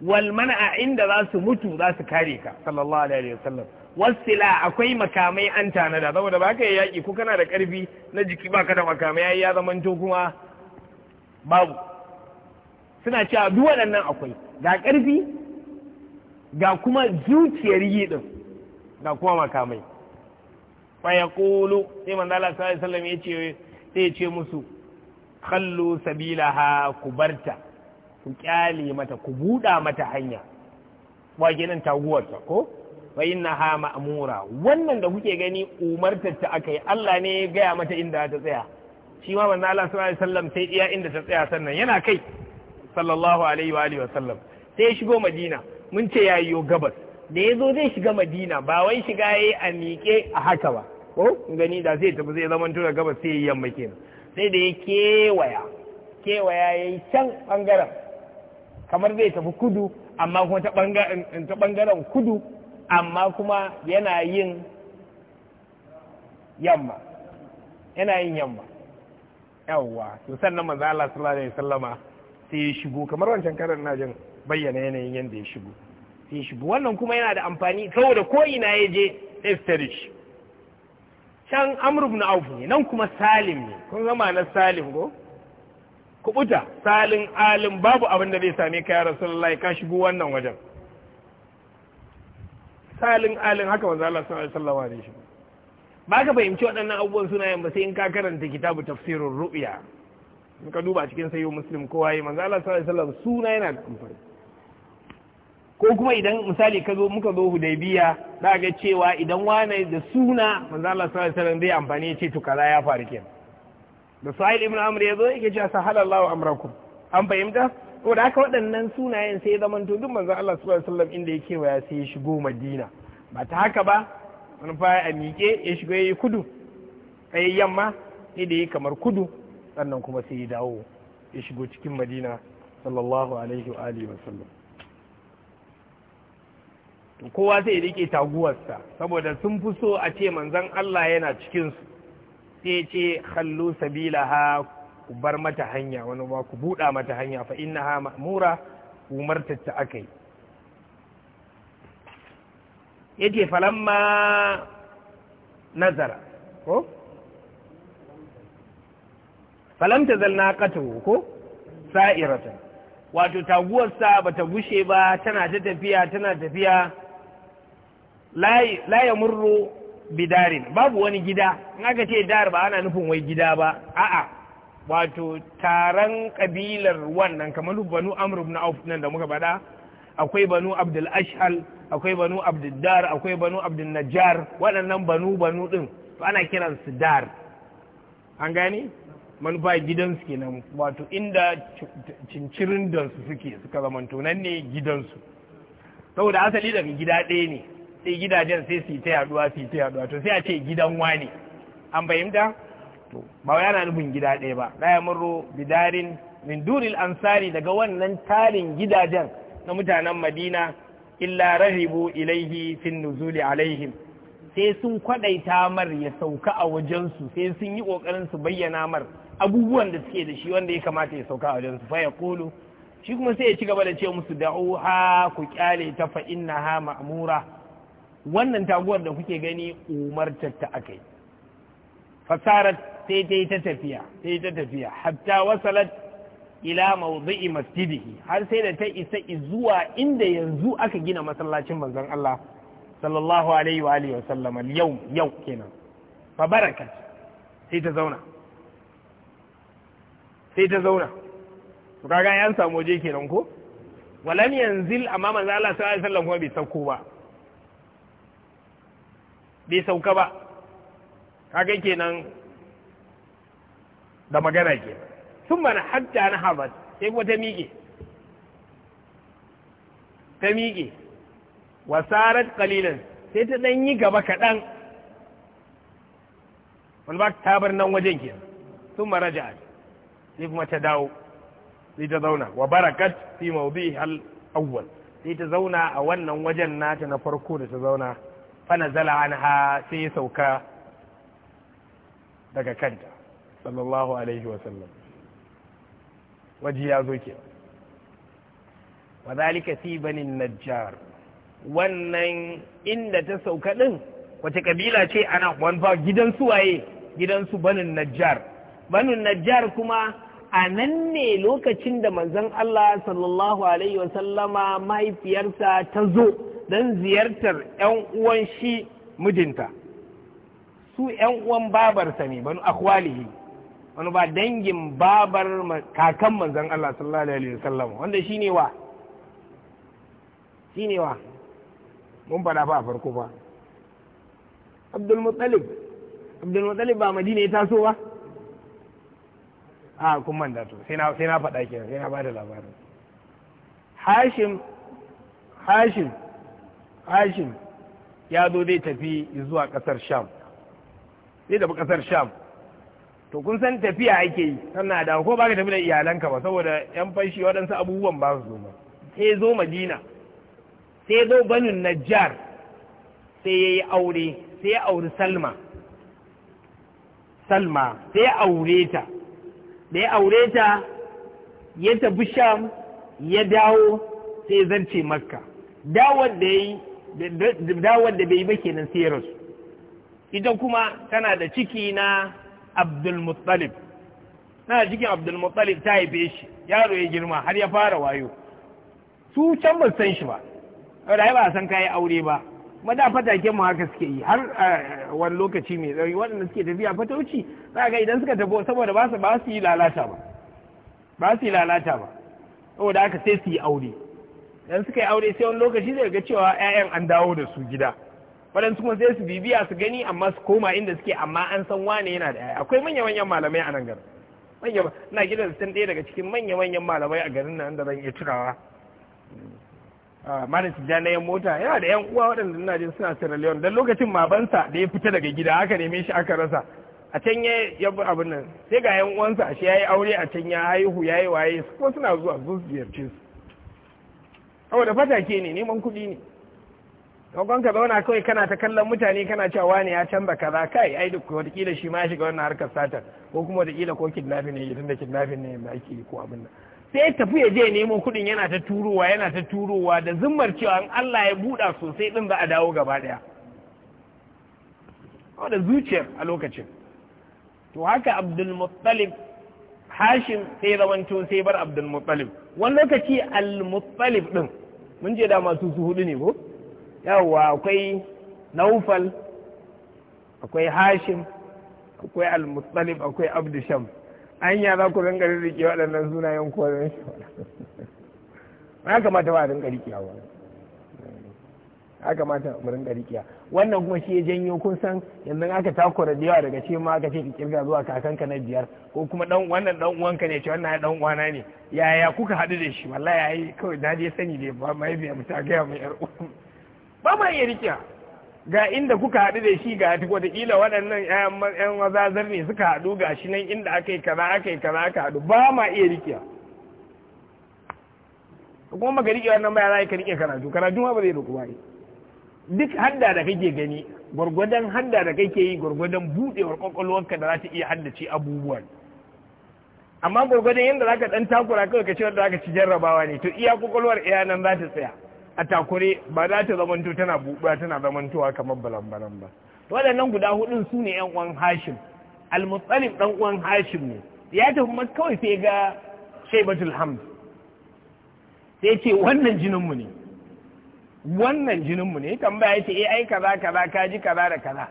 wal mana inda za su mutu za su kare ka sallallahu alaihi wasallam wasila akwai makamai an tanada saboda baka yi yaƙi ko kana da ƙarfi na jiki ba ka da makamai yayi ya zamanto kuma babu suna cewa duk waɗannan akwai ga ƙarfi ga kuma zuciyar yi din ga kuma makamai fa yaqulu sai manzo Allah sallallahu alaihi wasallam yace sai ce musu kallo sabilaha ku barta ku kyale mata ku buɗa mata hanya wa kenan taguwarta ko inna ha ma'amura. wannan da kuke gani umartar ta akai Allah ne ya gaya mata inda ta tsaya shi ma manzo Allah sallallahu alaihi wasallam sai iya inda ta tsaya sannan yana kai sallallahu alaihi wa alihi wasallam sai ya shigo Madina mun ce ya yo gabas da yazo zai shiga Madina ba wai shiga yayi a miƙe a haka ba ko gani da zai tafi zai zama tura gaba sai yi yamma kenan sai da ya kewaya kewaya ya yi can bangaren kamar zai tafi kudu amma kuma ta bangaren kudu amma kuma yana yin yamma yana yin yamma yawwa to sannan manzo Allah sallallahu alaihi wasallama sai ya shigo kamar wancan karan na jin bayyana yanayin yadda ya shigo sai ya shigo wannan kuma yana da amfani saboda ko ina ya je sai shi can amru ibn auf ne nan kuma salim ne kun ga ma'anar salim go kubuta salin alim babu abin da zai same ka ya rasulullahi ka shigo wannan wajen salin alin haka manzo Allah sallallahu alaihi wasallam ne shi ba ka fahimci waɗannan abubuwan sunayen ba sai in ka karanta kitabu tafsirur ru'ya in ka duba cikin sayyid muslim kowa yi manzo Allah sallallahu alaihi wasallam suna yana da amfani ko kuma idan misali ka zo muka zo hudaybiya za ga cewa idan wane da suna manzo Allah sallallahu alaihi wasallam zai amfani ce to kaza ya faru kenan da sahil ibn amr ya zo yake cewa sahalallahu amrakum an fahimta ko da haka waɗannan sunayen sai zaman to duk manzo Allah sallallahu alaihi wasallam inda yake waya sai ya shigo Madina ba ta haka ba wani fa a miƙe ya shigo yayi kudu kai yamma sai da yi kamar kudu sannan kuma sai ya dawo ya shigo cikin Madina sallallahu alaihi wa alihi wasallam to kowa sai ya rike taguwarsa saboda sun fi so a ce manzon Allah yana cikin su sai ce khallu sabilaha ku bar mata hanya wani ba ku buɗa mata hanya fa innaha ma'mura Umar ta akai yace falamma nazara ko falam zalna naqatu ko sa'irata wato taguwarsa bata gushe ba tana ta tafiya tana tafiya la ya murru bidarin babu wani gida in aka ce dar ba ana nufin wai gida ba a'a wato taron kabilar wannan kamar banu amr ibn auf nan da muka bada akwai banu abdul ashal akwai banu abdul dar akwai banu abdul najjar waɗannan banu banu din to ana kiran su dar an gane manufa gidansu kenan wato inda cincirin su suke suka zamanto nan ne gidansu saboda asali daga gida ɗaya ne sai gidajen sai su yi ta yaduwa su yi ta yaduwa to sai a ce gidan wane an fahimta to ba wa yana nufin gida ɗaya ba la yamurru bidarin min duril ansari daga wannan tarin gidajen na mutanen Madina illa rahibu ilaihi fin nuzuli alaihim sai sun kwadaita mar ya sauka a wajensu sai sun yi kokarin su bayyana mar abubuwan da suke da shi wanda ya kamata ya sauka a wajensu fa ya kulu shi kuma sai ya ci gaba da ce musu ha ku kyale ta fa innaha ma'mura wannan taguwar da kuke gani umartar ta aka yi fasarar sai ta yi ta tafiya sai ta tafiya hatta wasalat ila mawdi'i masjidihi har sai da ta isa zuwa inda yanzu aka gina masallacin manzon Allah sallallahu alaihi wa alihi wa sallam yau yau kenan fa baraka sai ta zauna sai ta zauna to kaga an samu waje kenan ko Walan yanzil amma manzo Allah sallallahu alaihi sallam kuma bai sauko ba bai sauka ba kaga kenan da magana ke sun mana hatta na Harvard sai kuma ta miƙe ta miƙe wasarar kalilan sai ta ɗan yi gaba kaɗan wani ba ta bar nan wajen ke sun mara ja'a sai kuma ta dawo sai ta zauna wa barakat fi mawdi al awwal sai ta zauna a wannan wajen nata na farko da ta zauna fanazala anha sai ya sauka daga kanta sallallahu alaihi wasallam Waje ya zo ke wa zalika fi banin najjar wannan inda ta sauka din wace kabila ce ana wanfa gidan su waye? gidan su banin najjar banin najjar kuma a nan ne lokacin da manzon Allah sallallahu alaihi wasallama mahaifiyarsa ta zo dan ziyartar ‘yan uwan shi mijinta su ‘yan uwan babarsa ne banu akwalihi wani ba dangin babar kakan manzan Allah sallallahu alaihi wasallam wanda shi ne wa shi ne wa mun faɗa fa a farko fa Abdul abdulmuttalib ba madina ya taso ba Ah, kun manda to sai na faɗa kenan sai na ba da labarin hashim hashim hashim ya zo zai tafi zuwa ƙasar sham zai tafi ƙasar sham to kun san tafiya ake yi tana da ko ba ka tafi da iyalanka ba saboda yan fashi waɗansu abubuwan ba su zo ba sai zo madina sai zo banin najjar sai ya yi aure sai ya auri salma salma sai ya aure ta da ya aure ta ya tafi sham ya dawo sai zarce makka dawon da ya yi da da bai ba kenan sai rasu ita kuma tana da ciki na abdulmuttalib na cikin abdulmuttalib ta haife shi yaro ya girma har ya fara wayo su can ba san shi ba da ba san kayi aure ba kuma da fataken mu haka suke yi har eh, wani lokaci mai tsari waɗanda suke tafiya fatauci za ga idan suka tafi saboda ba su yi lalata ba ba su yi lalata ba saboda haka sai su yi aure dan suka yi aure sai wani lokaci zai ga cewa ƴaƴan an dawo da su gida waɗansu kuma sai su bibiya su gani amma su koma inda suke amma an san wane yana da ƴaƴa akwai manya manyan malamai a nan garin manya na gida da san ɗaya daga cikin manya manyan malamai a garin nan da zan iya tunawa ah, malam yan mota yana da yan uwa waɗanda ina jin suna Sierra Leone dan lokacin mabansa da ya fita daga gida aka neme shi aka rasa a can ya yabu abin nan sai ga yan uwansa ya yayi aure a can ya haihu yayi waye kuma suna zuwa zuwa ziyarce su saboda ke ne neman kuɗi ne maimakon ka zauna kawai kana ta kallon mutane kana cewa wani ya canza kaza kai ai duk wataƙila shi ma ya shiga wannan harkar satar ko kuma wataƙila ko kidnapping ne idan kidnapping ne da ake ko abin nan sai ya tafi ya je neman kuɗin yana ta turowa yana ta turowa da zimmar cewa in Allah ya buɗa sosai din za a dawo gaba ɗaya da zuciyar a lokacin to haka Abdul Muttalib Hashim sai zamanto sai bar Abdul Muttalib wani lokaci Al Muttalib din mun je dama su su hudu ne ko yawwa akwai naufal akwai hashim akwai al-muttalib akwai abdu sham anya za ku rinka rike waɗannan sunayen koren shi ba kamata ba a rinka rike wa ya kamata mu rinka rikiya wannan kuma shi ya janyo kun san yanzu aka takura da yawa daga cikin ma aka ce ka kirga zuwa kakanka na biyar ko kuma dan wannan dan uwanka ne ce wannan dan uwana ne yaya kuka haɗu da shi wallahi yayi kawai na je sani da ba mahaifiya mu ta gaya mai yar ba ma iya rikiya ga inda kuka haɗu da shi ga ila waɗannan ƴan wazazar ne suka haɗu ga shi nan inda aka yi kaza aka yi kaza aka haɗu ba ma iya rikiya kuma ga riƙe wannan baya za ka riƙe karatu karatu ma ba zai da kuma yi duk hadda da kake gani gwargwadon hadda da kake yi gwargwadon buɗewar kwakwalwarka da za ta iya haddace abubuwan amma gwargwadon yadda za ka ɗan takura kawai ka ce wanda za ka ci jarrabawa ne to iya kwakwalwar iya nan za ta tsaya a takure ba za ta zamanto tana buɗuwa tana zamantowa kamar balan ba waɗannan guda huɗun su ne yan uwan hashim almutsalif ɗan uwan hashim ne ya tafi kawai sai ga shaibatul hamd sai ce wannan jininmu ne wannan jinin mu ne tambaya ya ce eh ai kaza kaza ka kaza da kaza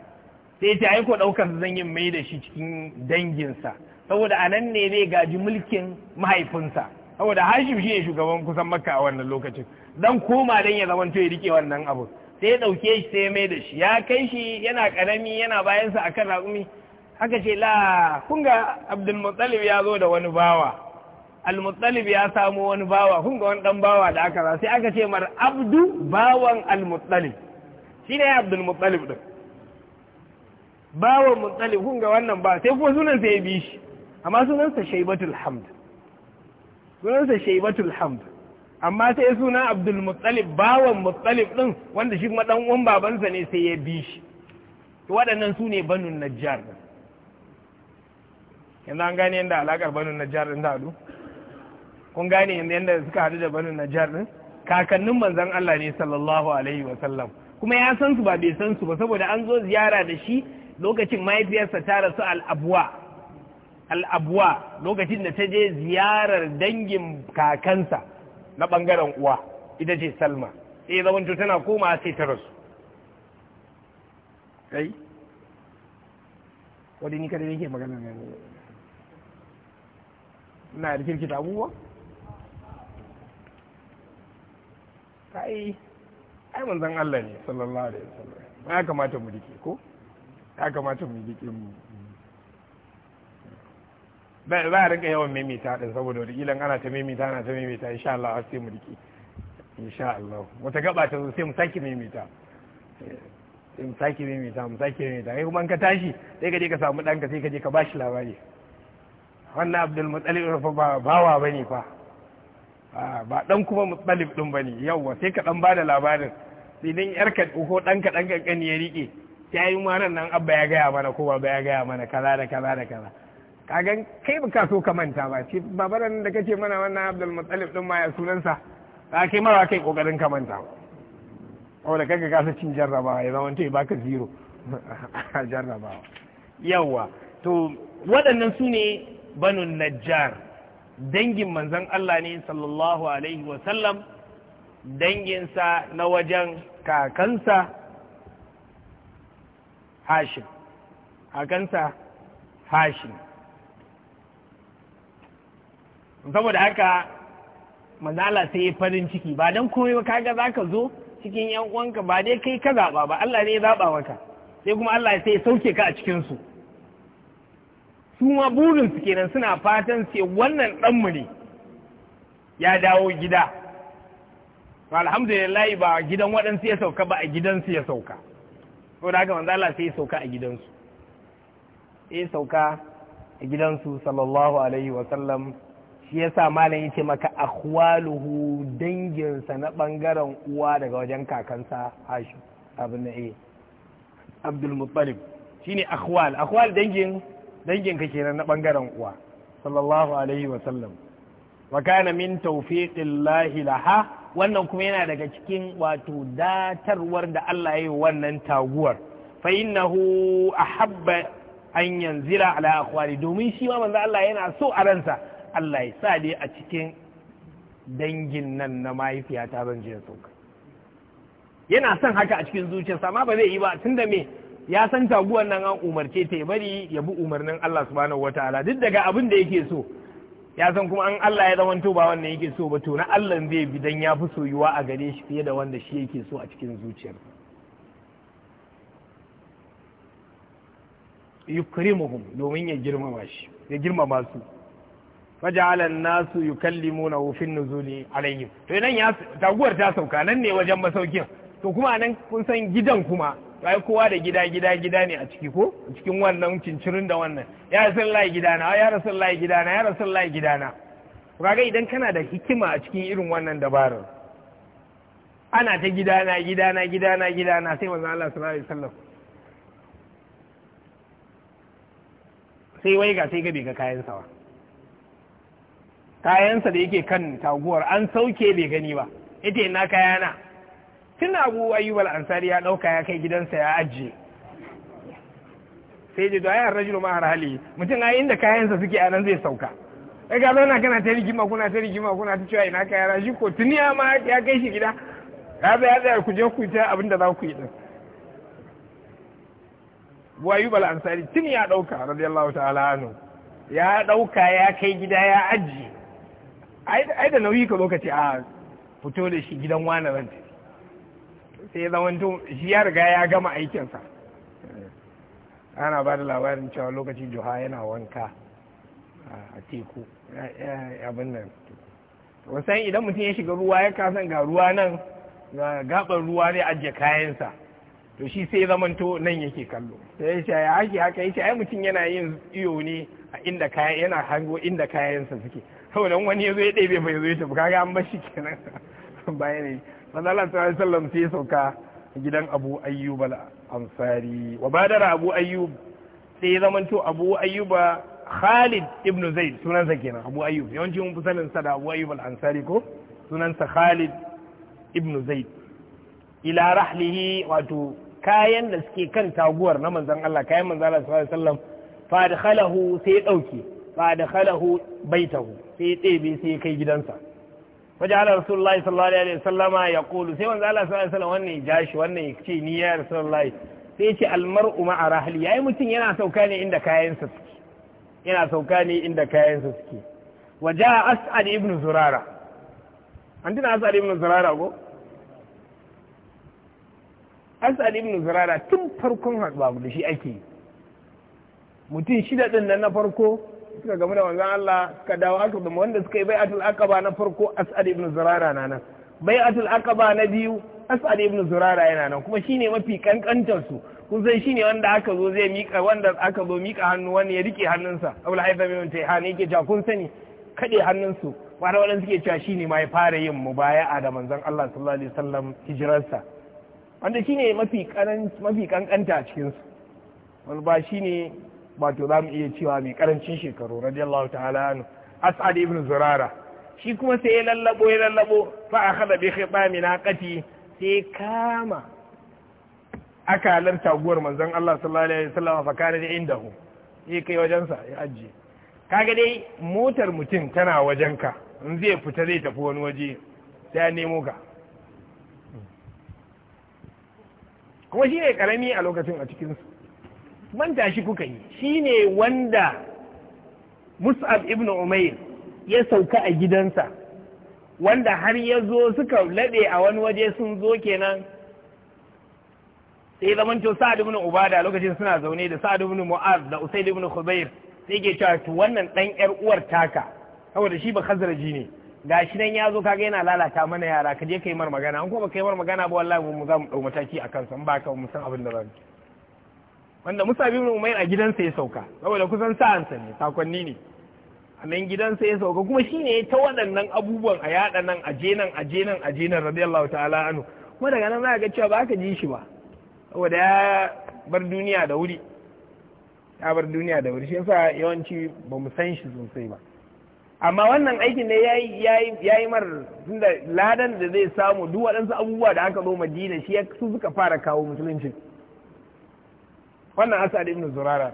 sai ta aiko ɗaukar zan yin mai da shi cikin danginsa saboda anan ne zai gaji mulkin mahaifinsa saboda hashim shi ne shugaban kusan makka a wannan lokacin dan koma dan ya zamanto ya rike wannan abu sai ya ɗauke shi sai mai da shi ya kai shi yana karami yana bayansa akan raƙumi haka ce la kun ga Muttalib ya zo da wani bawa almuttalib ya samu wani bawa kun ga wani dan bawa da aka za sai aka ce mar abdu bawan almuttalib shi ne abdul muttalib din bawan muttalib kun ga wannan ba sai kuma sunan sai ya bi shi amma sunansa shaibatul hamd sunansa shaibatul hamd amma sai suna abdul muttalib bawan muttalib din wanda shi kuma dan uwan babansa ne sai ya bi shi to waɗannan su ne banun najjar yanzu an gane yadda alaƙar banun najjar din ta haɗu kun gane yanzu yadda suka haɗu da banu najar ɗin? kakannin manzon Allah ne sallallahu alaihi wa sallam kuma ya san su ba bai san su ba saboda an zo ziyara da shi lokacin mahaifiyarsa ta rasu al'abuwa al'abuwa lokacin da ta je ziyarar dangin kakansa na ɓangaren uwa ita ce salma sai to tana koma sai ta rasu kai wadda ni kada yake magana ne na da kirkita abubuwa ai eh, ai manzon Allah ne sallallahu alaihi wasallam ya kamata mu dike ko ya kamata mu dike mu ba za a rinka yawan mimita din saboda wata ilan ana ta mimita ana ta mimita insha Allah sai mu dike insha Allah wata gaba ta zo sai mu sake mimita sai mu sake mimita mu sake mimita kai kuma an ka tashi sai ka je ka samu danka sai ka je ka bashi labari wannan Abdul Muttalib fa ba bawa bane fa ba ɗan kuma mutsalib din bane yawwa sai ka dan bada labarin idan yarka ko danka dan kankan ya rike Ta yi maran nan abba ya gaya mana ko baba ya gaya mana kaza da kaza da kaza kagan kai ba ka so ka manta ba shi babaran da kace mana wannan abdul matsalif ɗin ma ya sunansa ka kai mara kai kokarin ka manta kanka ka san cin jarrabawa ya zama ya baka zero jarrabawa yawwa to waɗannan su ne banun najjar dangin manzan Allah ne sallallahu alaihi wasallam danginsa na wajen kakansa hashim kakansa hashim saboda haka manzala sai ya farin ciki ba don komai ba kaga za ka zo cikin yan uwanka ba dai kai ka zaɓa ba Allah ne ya zaɓa maka sai kuma Allah sai ya sauke ka a cikinsu su ma burinsu kenan suna fatan ce wannan ɗanmu ne ya dawo gida alhamdulillah ba gidan waɗansu ya sauka ba a gidansu ya sauka ko da haka manzo Allah sai ya sauka a gidansu ya sauka a gidansu sallallahu alaihi wa sallam shi yasa malam yace maka akhwaluhu danginsa na bangaren uwa daga wajen kakansa Hashim abin da eh Abdul Muttalib shine akhwal akhwal dangin danginka kenan na bangaren uwa sallallahu alaihi wa sallam wa kana min tawfiqillahi laha wannan kuma yana daga cikin wato datarwar da Allah ya yi wannan taguwar fa innahu ahabba an yanzila ala akhwali domin shi ma manzo Allah yana so a ransa Allah ya sa dai a cikin dangin nan na mahaifiyata zan je yana son haka a cikin zuciyarsa amma ba zai yi ba tunda me ya san taguwan nan an umarce ta bari ya bi umarnin Allah subhanahu ta'ala duk daga abin da yake so ya san kuma an Allah ya zamanto ba wannan yake so ba to na Allah zai bi dan ya fi soyuwa a gare shi fiye da wanda shi yake so a cikin zuciyar yukrimuhum domin ya girmama shi ya girmama su faja'ala an-nasu yukallimuna fi an-nuzuli alayhi to nan ya taguwar ta sauka nan ne wajen masaukin to kuma nan kun san gidan kuma ai kowa da gida gida gida ne a ciki ko cikin wannan cincirin da wannan ya rasul gida gidana ya rasul gida gidana ya rasul lahi gidana to kaga idan kana da hikima a cikin irin wannan dabarar ana ta gidana gidana gidana gidana sai manzo Allah sallallahu alaihi wasallam sai wai ga sai gabe ga kayan sawa kayansa da yake kan taguwar an sauke bai gani ba ita ina kayana tun abu ayyub al-ansari ya ɗauka ya kai gidansa ya ajiye sai ji doya rajulu ma hali mutum a inda kayansa suke anan zai sauka kai ka zauna kana ta rigima kuna ta rigima kuna ta cewa ina kayana shi ko tuni ya ma ya kai shi gida ya zai ya tsaya ku je ku ta abinda za ku yi din bu ayyub al-ansari tun ya ɗauka radiyallahu ta'ala anu ya ɗauka ya kai gida ya ajiye ai da nauyi ka lokaci a fito da shi gidan wani ranta sai ya zamanto shi ya riga ya gama aikinsa ana ba da labarin cewa lokacin juha yana wanka a teku abin nan wasan idan mutum ya shiga ruwa ya kasan ga ruwa nan ga gaban ruwa zai ajiye kayansa to shi sai zamanto nan yake kallo sai ya shaya ya haki haka ya ai mutum yana yin iyo ne a inda kayan yana hango inda kayansa suke saboda wani ya zo ya ɗebe bai zo ya tafi kaga an bar shi kenan bayan manzo Allah sallallahu alaihi wasallam sai sauka gidan Abu Ayyub al-Ansari wa badara Abu Ayyub sai ya zamanto Abu Ayyuba Khalid ibn Zaid sunansa kenan Abu Ayyub yawanci mun fi sanin sa da Abu Ayyub al-Ansari ko sunansa Khalid ibn Zaid ila rahlihi wato kayan da suke kan taguwar na manzon Allah kayan manzon Allah sallallahu alaihi wasallam fa dakhalahu sai ya dauke fa dakhalahu baitahu sai tsebe sai kai gidansa وجعل رسول الله صلى الله ya وسلم sai سي وانزا الله صلى الله عليه وسلم wannan jashi wannan yace ni ya rasulullahi sai yace almar'u ma'a rahli ai mutun yana sauka ne inda kayansa suke yana sauka ne inda kayansa suke waja as'ad ibn zurara an tuna as'ad ibn zurara ko as'ad ibn zurara tun farkon haɗuwa da shi ake mutum shida din nan na farko suka gamu da wanzan Allah suka dawo aka wanda suka yi bai bai'atul aqaba na farko As'ad ibn Zurara na nan bai bai'atul aqaba na biyu As'ad ibn Zurara yana nan kuma shine mafi kankantar su kun san shine wanda aka zo zai mika wanda aka zo mika hannu wani ya rike hannunsa Abul Haytham ibn Tayhan yake cewa kun sani kade hannunsu wani wadanda suke cewa shine ma ya fara yin mubaya'a da manzon Allah sallallahu alaihi wasallam hijirarsa wanda shine mafi mafi kankanta a cikin su wani ba shine wato za mu iya cewa mai karancin shekaru radiyallahu ta'ala anhu as'ad ibn zurara shi kuma sai ya lallabo ya lallabo fa akhadha bi khitami naqati sai kama akalar taguwar manzon Allah sallallahu alaihi wasallam fa kana da indahu sai kai wajen sa ya ajje kaga dai motar mutum tana wajen ka in zai fita zai tafi wani waje sai ya nemo ka kuma shi ne karami a lokacin a cikinsu manta shi kuka yi Shi ne wanda mus'ab ibn umair ya sauka a gidansa wanda har ya zo suka laɗe a wani waje sun zo kenan sai zamanto sa'ad ibn ubada lokacin suna zaune da sa'ad ibn mu'az da usaid ibn khubair sai ke cewa to wannan dan yar uwar taka saboda shi ba khazraji ne gashi nan ya zo kaga yana lalata mana yara ka je kai mar magana an kuma kai mar magana ba wallahi mu za mu dau mataki akan san ba ka mu san abin da zan wanda Musa bin Umair a gidansa ya sauka saboda kusan sa'ansa ne sakonni ne a nan gidansa ya sauka kuma shine ta waɗannan abubuwan a yaɗa nan a je nan a je nan a je nan radiyallahu ta'ala anu kuma daga nan za ga cewa ba ka ji shi ba saboda ya bar duniya da wuri ya bar duniya da wuri shi yasa yawanci ba mu san shi sosai ba amma wannan aikin ne ya yi mar tunda ladan da zai samu duk waɗansu abubuwa da aka zo madina shi su suka fara kawo musulunci wannan asad ibn zurara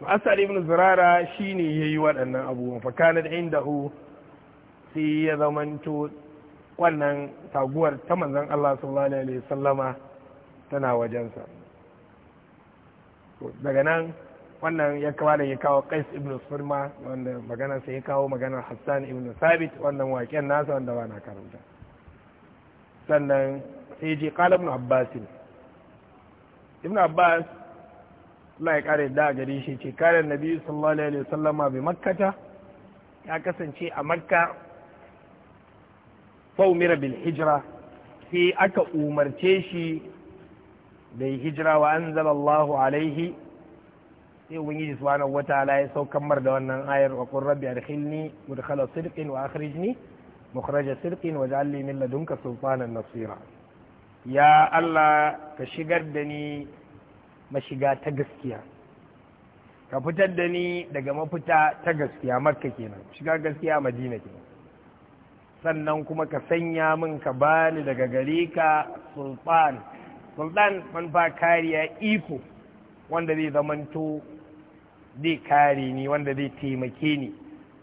to asad ibn zurara shine yayi waɗannan abubuwan fa kana indahu sai ya zamanto wannan taguwar ta manzon Allah sallallahu alaihi wasallama tana wajensa daga nan wannan ya kawo da ya kawo qais ibn surma wanda magana sai ya kawo maganar hassan ibn sabit wannan waken nasa wanda ba na karanta sannan sai je qala ibn abbas ibn abbas Allah ya kare da gare shi ce kare nabi sallallahu alaihi wasallama bi makkata ya kasance a makka faumira bil hijra sai aka umarce shi da yi hijira wa anzalallahu alaihi sai ubangiji subhanahu wataala ya saukan mar da wannan ayar wa qur rabbi adkhilni mudkhala sidqin wa akhrijni mukhraja sidqin waj'al li min ladunka sultanan nasira ya Allah ka shigar da ni mashiga ta gaskiya ka fitar da ni daga mafita ta gaskiya makka kenan shiga gaskiya madina kenan sannan kuma ka sanya min ka bani daga gare ka sultan sultan ba kariya iko wanda zai zamanto zai kare ni wanda zai taimake ni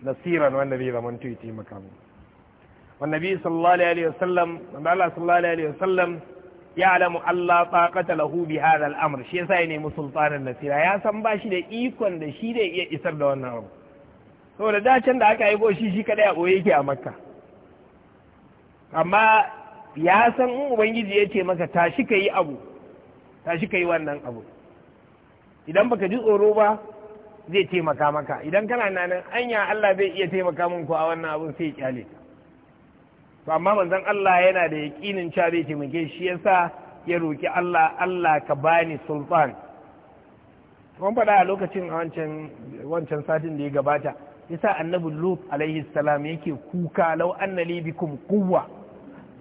nasiran wanda zai zamanto ya taimaka mu والنبي صلى الله عليه وسلم من الله صلى الله عليه وسلم يعلم الله طاقة له بهذا الأمر شيء سايني مسلطان النسيرة يا سن باشي da ikon da shi da iya isar da wannan abu saboda dacin da aka aiko shi shi kadai a koye yake a makka amma ya san in ubangiji ya ce maka tashi ka ka yi wannan abu idan baka ji tsoro ba zai taimaka maka idan kana nanin hanya Allah zai iya taimaka mun a wannan abun sai ya kyale to amma manzon Allah yana da yaƙinin cewa zai taimake shi yasa ya roki Allah Allah ka bani sultan mun faɗa a lokacin a wancan satin da ya gabata yasa annabi Lut alaihi salam yake kuka law anna li bikum quwwa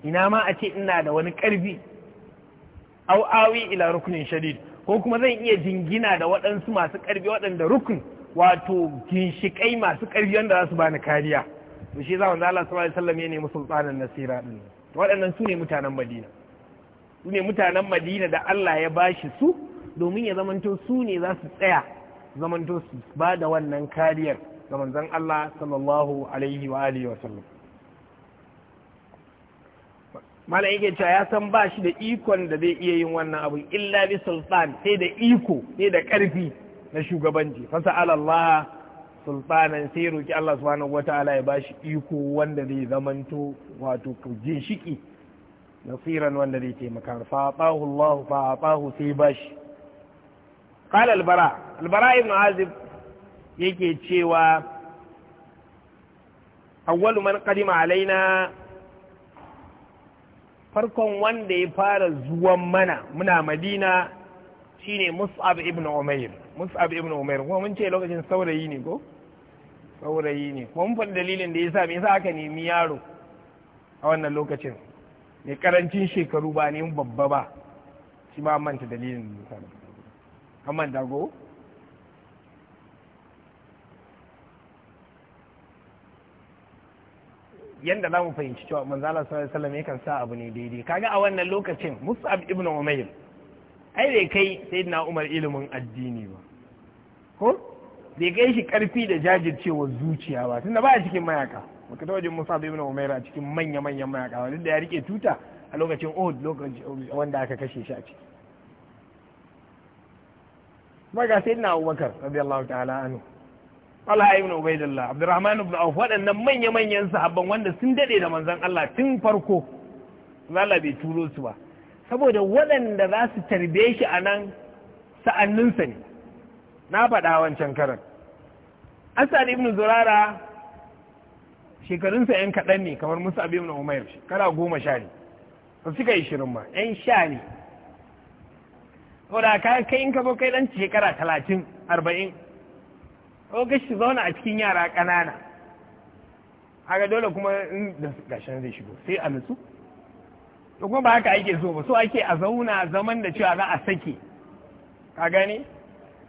ina ma a ce ina da wani ƙarfi au awi ila rukunin shadid ko kuma zan iya jingina da waɗansu masu ƙarfi waɗanda rukun wato ginshiƙai masu ƙarfi wanda za su bani kariya to shi zaman Allah sallallahu alaihi wasallam ya nemi sultanan nasira din waɗannan su ne mutanen Madina su ne mutanen Madina da Allah ya bashi su domin ya zamanto su ne za su tsaya zamanto su ba da wannan kariyar ga manzon Allah sallallahu alaihi wa alihi wa sallam malam yake cewa ya san ba shi da ikon da zai iya yin wannan abu illa bi sultan sai da iko sai da karfi na shugabanci fasa Allah sultanan sai roki Allah subhanahu wataala ya bashi iko wanda zai zamanto wato shiki nasiran wanda zai taimaka fa atahu Allah fa atahu sai bashi qala al-bara al-bara ibn azib yake cewa awwalu man qadima alaina farkon wanda ya fara zuwan mana muna madina shine mus'ab ibn umair mus'ab ibn umair kuma mun ce lokacin saurayi ne ko saurayi ne kuma mun faɗi dalilin da yasa me yasa aka nemi yaro a wannan lokacin mai karancin shekaru ba ne babba ba shi ma manta dalilin da yasa an manta ko yanda za mu fahimci cewa manzala sallallahu alaihi wasallam yakan sa abu ne daidai kaga a wannan lokacin mus'ab ibn umair ai bai kai sayyidina umar ilimin addini ba ko bai kai shi karfi da jajircewa zuciya ba tunda ba a cikin mayaka baka ta wajen musa ibn umaira cikin manya manyan mayaka ba da ya rike tuta a lokacin ohun lokacin wanda aka kashe shi a ciki maga sai na Abubakar radiyallahu ta'ala anhu Talha ibn Ubaidillah Abdurrahman ibn Auf waɗannan manya manyan sahabban wanda sun dade da manzon Allah tun farko Allah bai turo su ba saboda waɗanda za su tarbe shi a nan sa'anninsa ne na faɗa wancan karan asad ibn zurara shekarunsa yan kaɗan ne kamar musa abin na umair shekara goma sha ne ba suka yi shirin ba yan sha ne saboda ka kai in ka zo kai ɗan shekara talatin arba'in ko ga shi zauna a cikin yara ƙanana haka dole kuma in da gashin zai shigo sai a nutsu to kuma ba haka ake so ba so ake a zauna zaman da cewa za a sake ka gane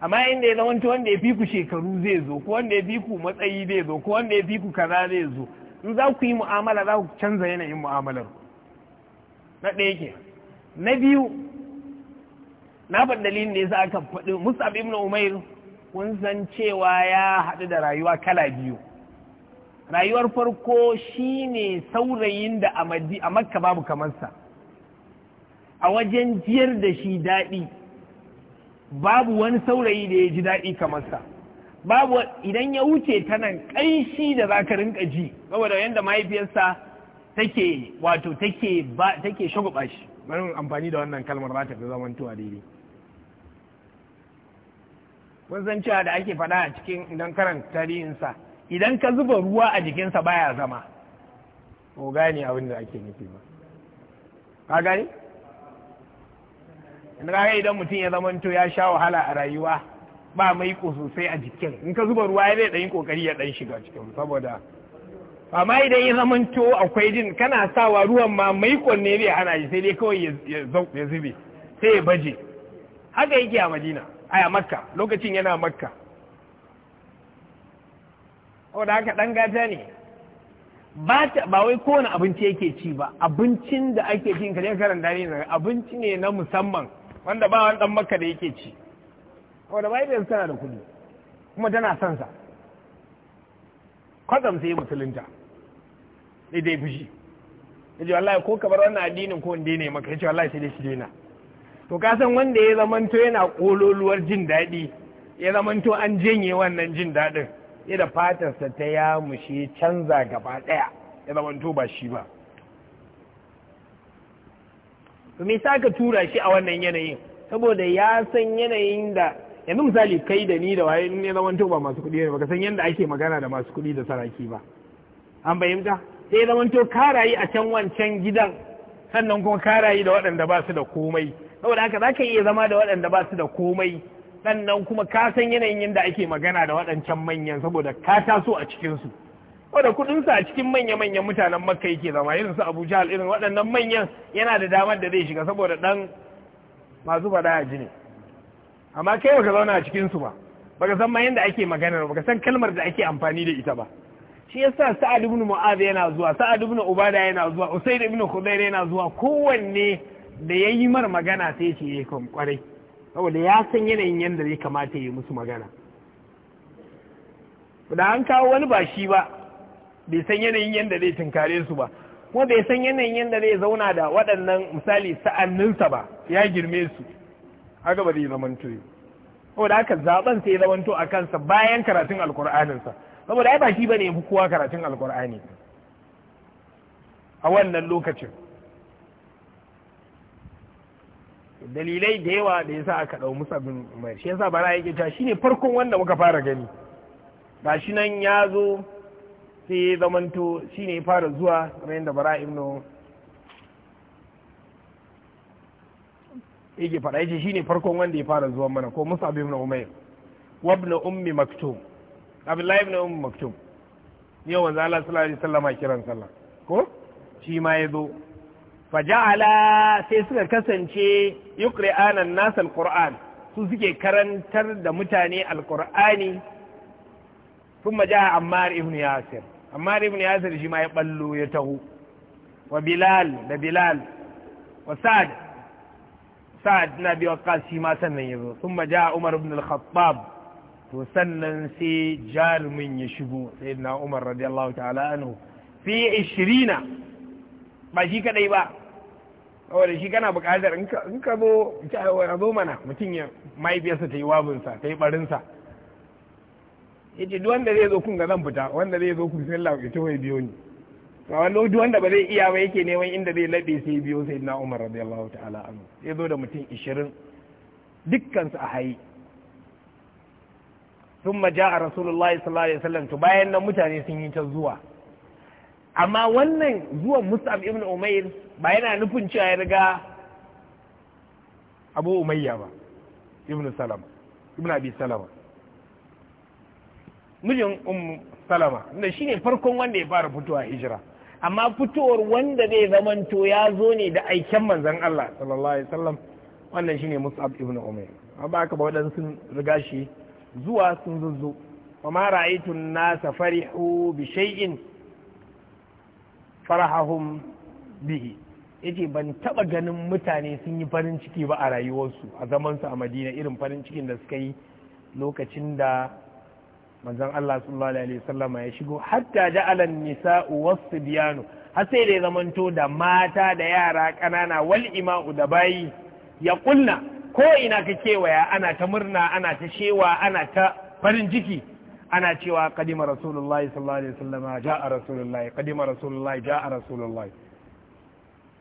amma inda ya zama wanda ya fi ku shekaru zai zo ko wanda ya fi ku matsayi zai zo ko wanda ya fi ku kaza zai zo in za ku yi mu'amala za ku canza yanayin mu'amalar na ɗaya ke na biyu na faɗi dalilin da yasa aka faɗi Mus'ab ibn Umair kun san cewa ya haɗu da rayuwa kala biyu rayuwar farko shine saurayin da a makka babu kamar sa a wajen jiyar da shi daɗi babu wani saurayi da ya ji daɗi kamar sa babu idan ya wuce ta nan ƙanshi da za ka rinka ji saboda yadda mahaifiyarsa take wato take ba take shagwaba shi bari amfani da wannan kalmar ba ta fi zamantowa daidai kun san cewa da ake faɗa a cikin idan karan sa idan ka zuba ruwa a jikinsa baya zama ko gane abin da ake nufi ba ka gane in kaga idan mutum ya to ya sha wahala a rayuwa ba maiko sosai a jikin in ka zuba ruwa zai ɗan yi kokari ya ɗan shiga cikin saboda amma idan ya zamanto akwai jin kana sawa ruwan ma maikon ne zai hana shi sai dai kawai ya zube sai ya baje haka yake a madina a makka lokacin yana makka saboda haka ɗan gata ne ba wai kowane abinci yake ci ba abincin da ake cin ka ne karanta ne abinci ne na musamman wanda ba wani dan makka da yake ci wanda ba yanzu tana da kudi kuma tana son sa kwatsam sai musulunta sai dai fushi ya ce wallahi ko kamar wannan addinin ko wanda ne maka ya ce wallahi sai dai shi daina to ka san wanda ya zamanto yana kololuwar jin daɗi ya zamanto an janye wannan jin daɗin ya da fatarsa ta yamushe canza gaba ɗaya ya zamanto ba shi ba to me sa ka tura shi a wannan yanayin saboda ya san yanayin da yanzu misali kai da ni da waye in ya zamanto ba masu kuɗi ne baka san yadda ake magana da masu kuɗi da saraki ba an fahimta sai zamanto ka rayu a can wancan gidan sannan kuma ka rayu da waɗanda ba su da komai saboda haka zaka iya zama da waɗanda ba su da komai sannan kuma ka san yanayin yanda ake magana da waɗancan manyan saboda ka taso a cikin su wanda kudinsa a cikin manya-manyan mutanen makka yake zama irin su abu jahal irin waɗannan manyan yana da damar da zai shiga saboda ɗan masu faɗa a jini amma kai baka zauna a cikinsu ba baka san mayan da ake maganar baka san kalmar da ake amfani da ita ba shi yasa sa'ad ibn mu'az yana zuwa sa'ad ibn ubada yana zuwa usayd ibn khudayr yana zuwa kowanne da yayi mar magana sai ya ce yayi eh, kwarai saboda ya san yanayin yadda zai kamata ya yi musu magana da an kawo wani ba shi ba bai san yanayin yadda zai tinkare su ba kuma bai san yanayin yadda zai zauna da waɗannan misali sa'anninsa ba ya girme su haka ba zai zamanto yi saboda haka zaben sai zamanto a kansa bayan karatun alkur'aninsa saboda ai ba shi bane ya fi kowa karatun alkur'ani a wannan lokacin dalilai da yawa da ya sa aka ɗau musa bin umar shi yasa bara yake ta ne farkon wanda muka fara gani shi nan ya zo sai ya zamanto shi ne ya fara zuwa kamar yadda bara ibnu yake faɗa yake shi ne farkon wanda ya fara zuwa mana ko musa abin umair wabna ummi maktum abdullahi ibn ummi maktum ne wanzu Allah sallallahu alaihi wasallam kiran sallah ko shi ma ya zo faja'ala sai suka kasance yuqri'ana an-nas al-qur'an su suke karantar da mutane al-qur'ani ثم جاء عمار ابن ياسر عمار ابن ياسر جماع يقلو يتهو وبلال لبلال وسعد سعد نبي وقال شما سنة يذو ثم جاء عمر بن الخطاب وسنن سي جار من يشبو سيدنا عمر رضي الله تعالى عنه في عشرين ما جيكا ديبا أولا جيكا نبقى هذا انك ابو انك ابو منا متين ما يبيسا تيوابنسا تيبارنسا تي yace duk wanda zai zo kun ga zan fita wanda zai zo kun sallah ya tawaye biyo ni to wani duk wanda ba zai iya ba yake neman inda zai labe sai biyo sai na Umar radiyallahu ta'ala anhu ya zo da mutum 20 dukkan su a hayi thumma jaa rasulullahi sallallahu alaihi wasallam to bayan nan mutane sun yi ta zuwa amma wannan zuwan Mus'ab ibn Umair ba yana nufin cewa ya riga Abu Umayya ba ibn Salama ibn Abi Salama mijin ummu salama da ne farkon wanda ya fara fitowa hijira amma fitowar wanda zai zamanto ya zo ne da aiken manzan Allah sallallahu alaihi wasallam wannan shine Mus'ab ibn Umair amma aka ba sun riga shi zuwa sun zuzzo وما nasa farihu bi shay'in فرحهم bihi yace ban taba ganin mutane sun yi farin ciki ba a rayuwarsu a zamansu a madina irin farin cikin da suka yi lokacin da manzon Allah sallallahu alaihi wasallama ya shigo hatta ja'ala nisa'u was-sibyanu har sai da zamanto da mata da yara kanana wal ima'u da bayi ya kulna ko ina ka kewaya ana ta murna ana ta shewa ana ta farin ciki ana cewa kadima rasulullahi sallallahu alaihi wasallama ja'a rasulullahi kadima rasulullahi ja'a rasulullahi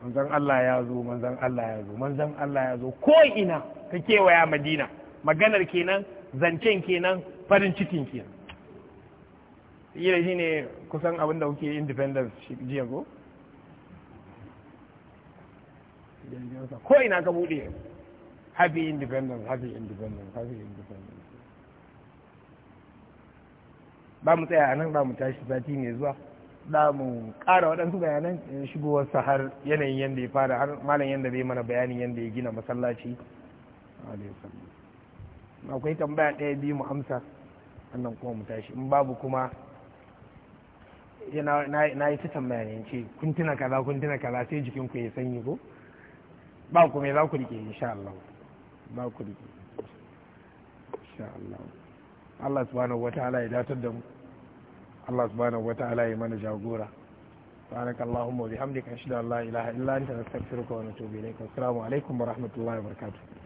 manzon Allah ya zo manzon Allah ya zo manzon Allah ya zo ko ina ka kewaya Madina maganar kenan zancen kenan farin cikin ki shi ne kusan abin da kuke independence jiya ko ko ina ka buɗe happy independence happy independence happy independence ba mu tsaya a nan ba mu tashi sati mai zuwa za mu ƙara waɗansu bayanan eh, shigowarsa har yanayin yadda ya fara har malam yadda zai mana bayanin yadda ya gina masallaci akwai tambaya ɗaya biyu mu amsa wannan kuma mu tashi in babu kuma na yi ta tambaya ne ce kun tuna kaza kun tuna kaza sai jikin ku ya sanyi ko ba ku me za ku rike insha Allah ba ku rike insha Allah Allah subhanahu wataala ya datar da mu Allah subhanahu wataala ya mana jagora سبحانك اللهم وبحمدك أشهد أن لا إله إلا أنت نستغفرك ونتوب إليك والسلام عليكم ورحمة الله وبركاته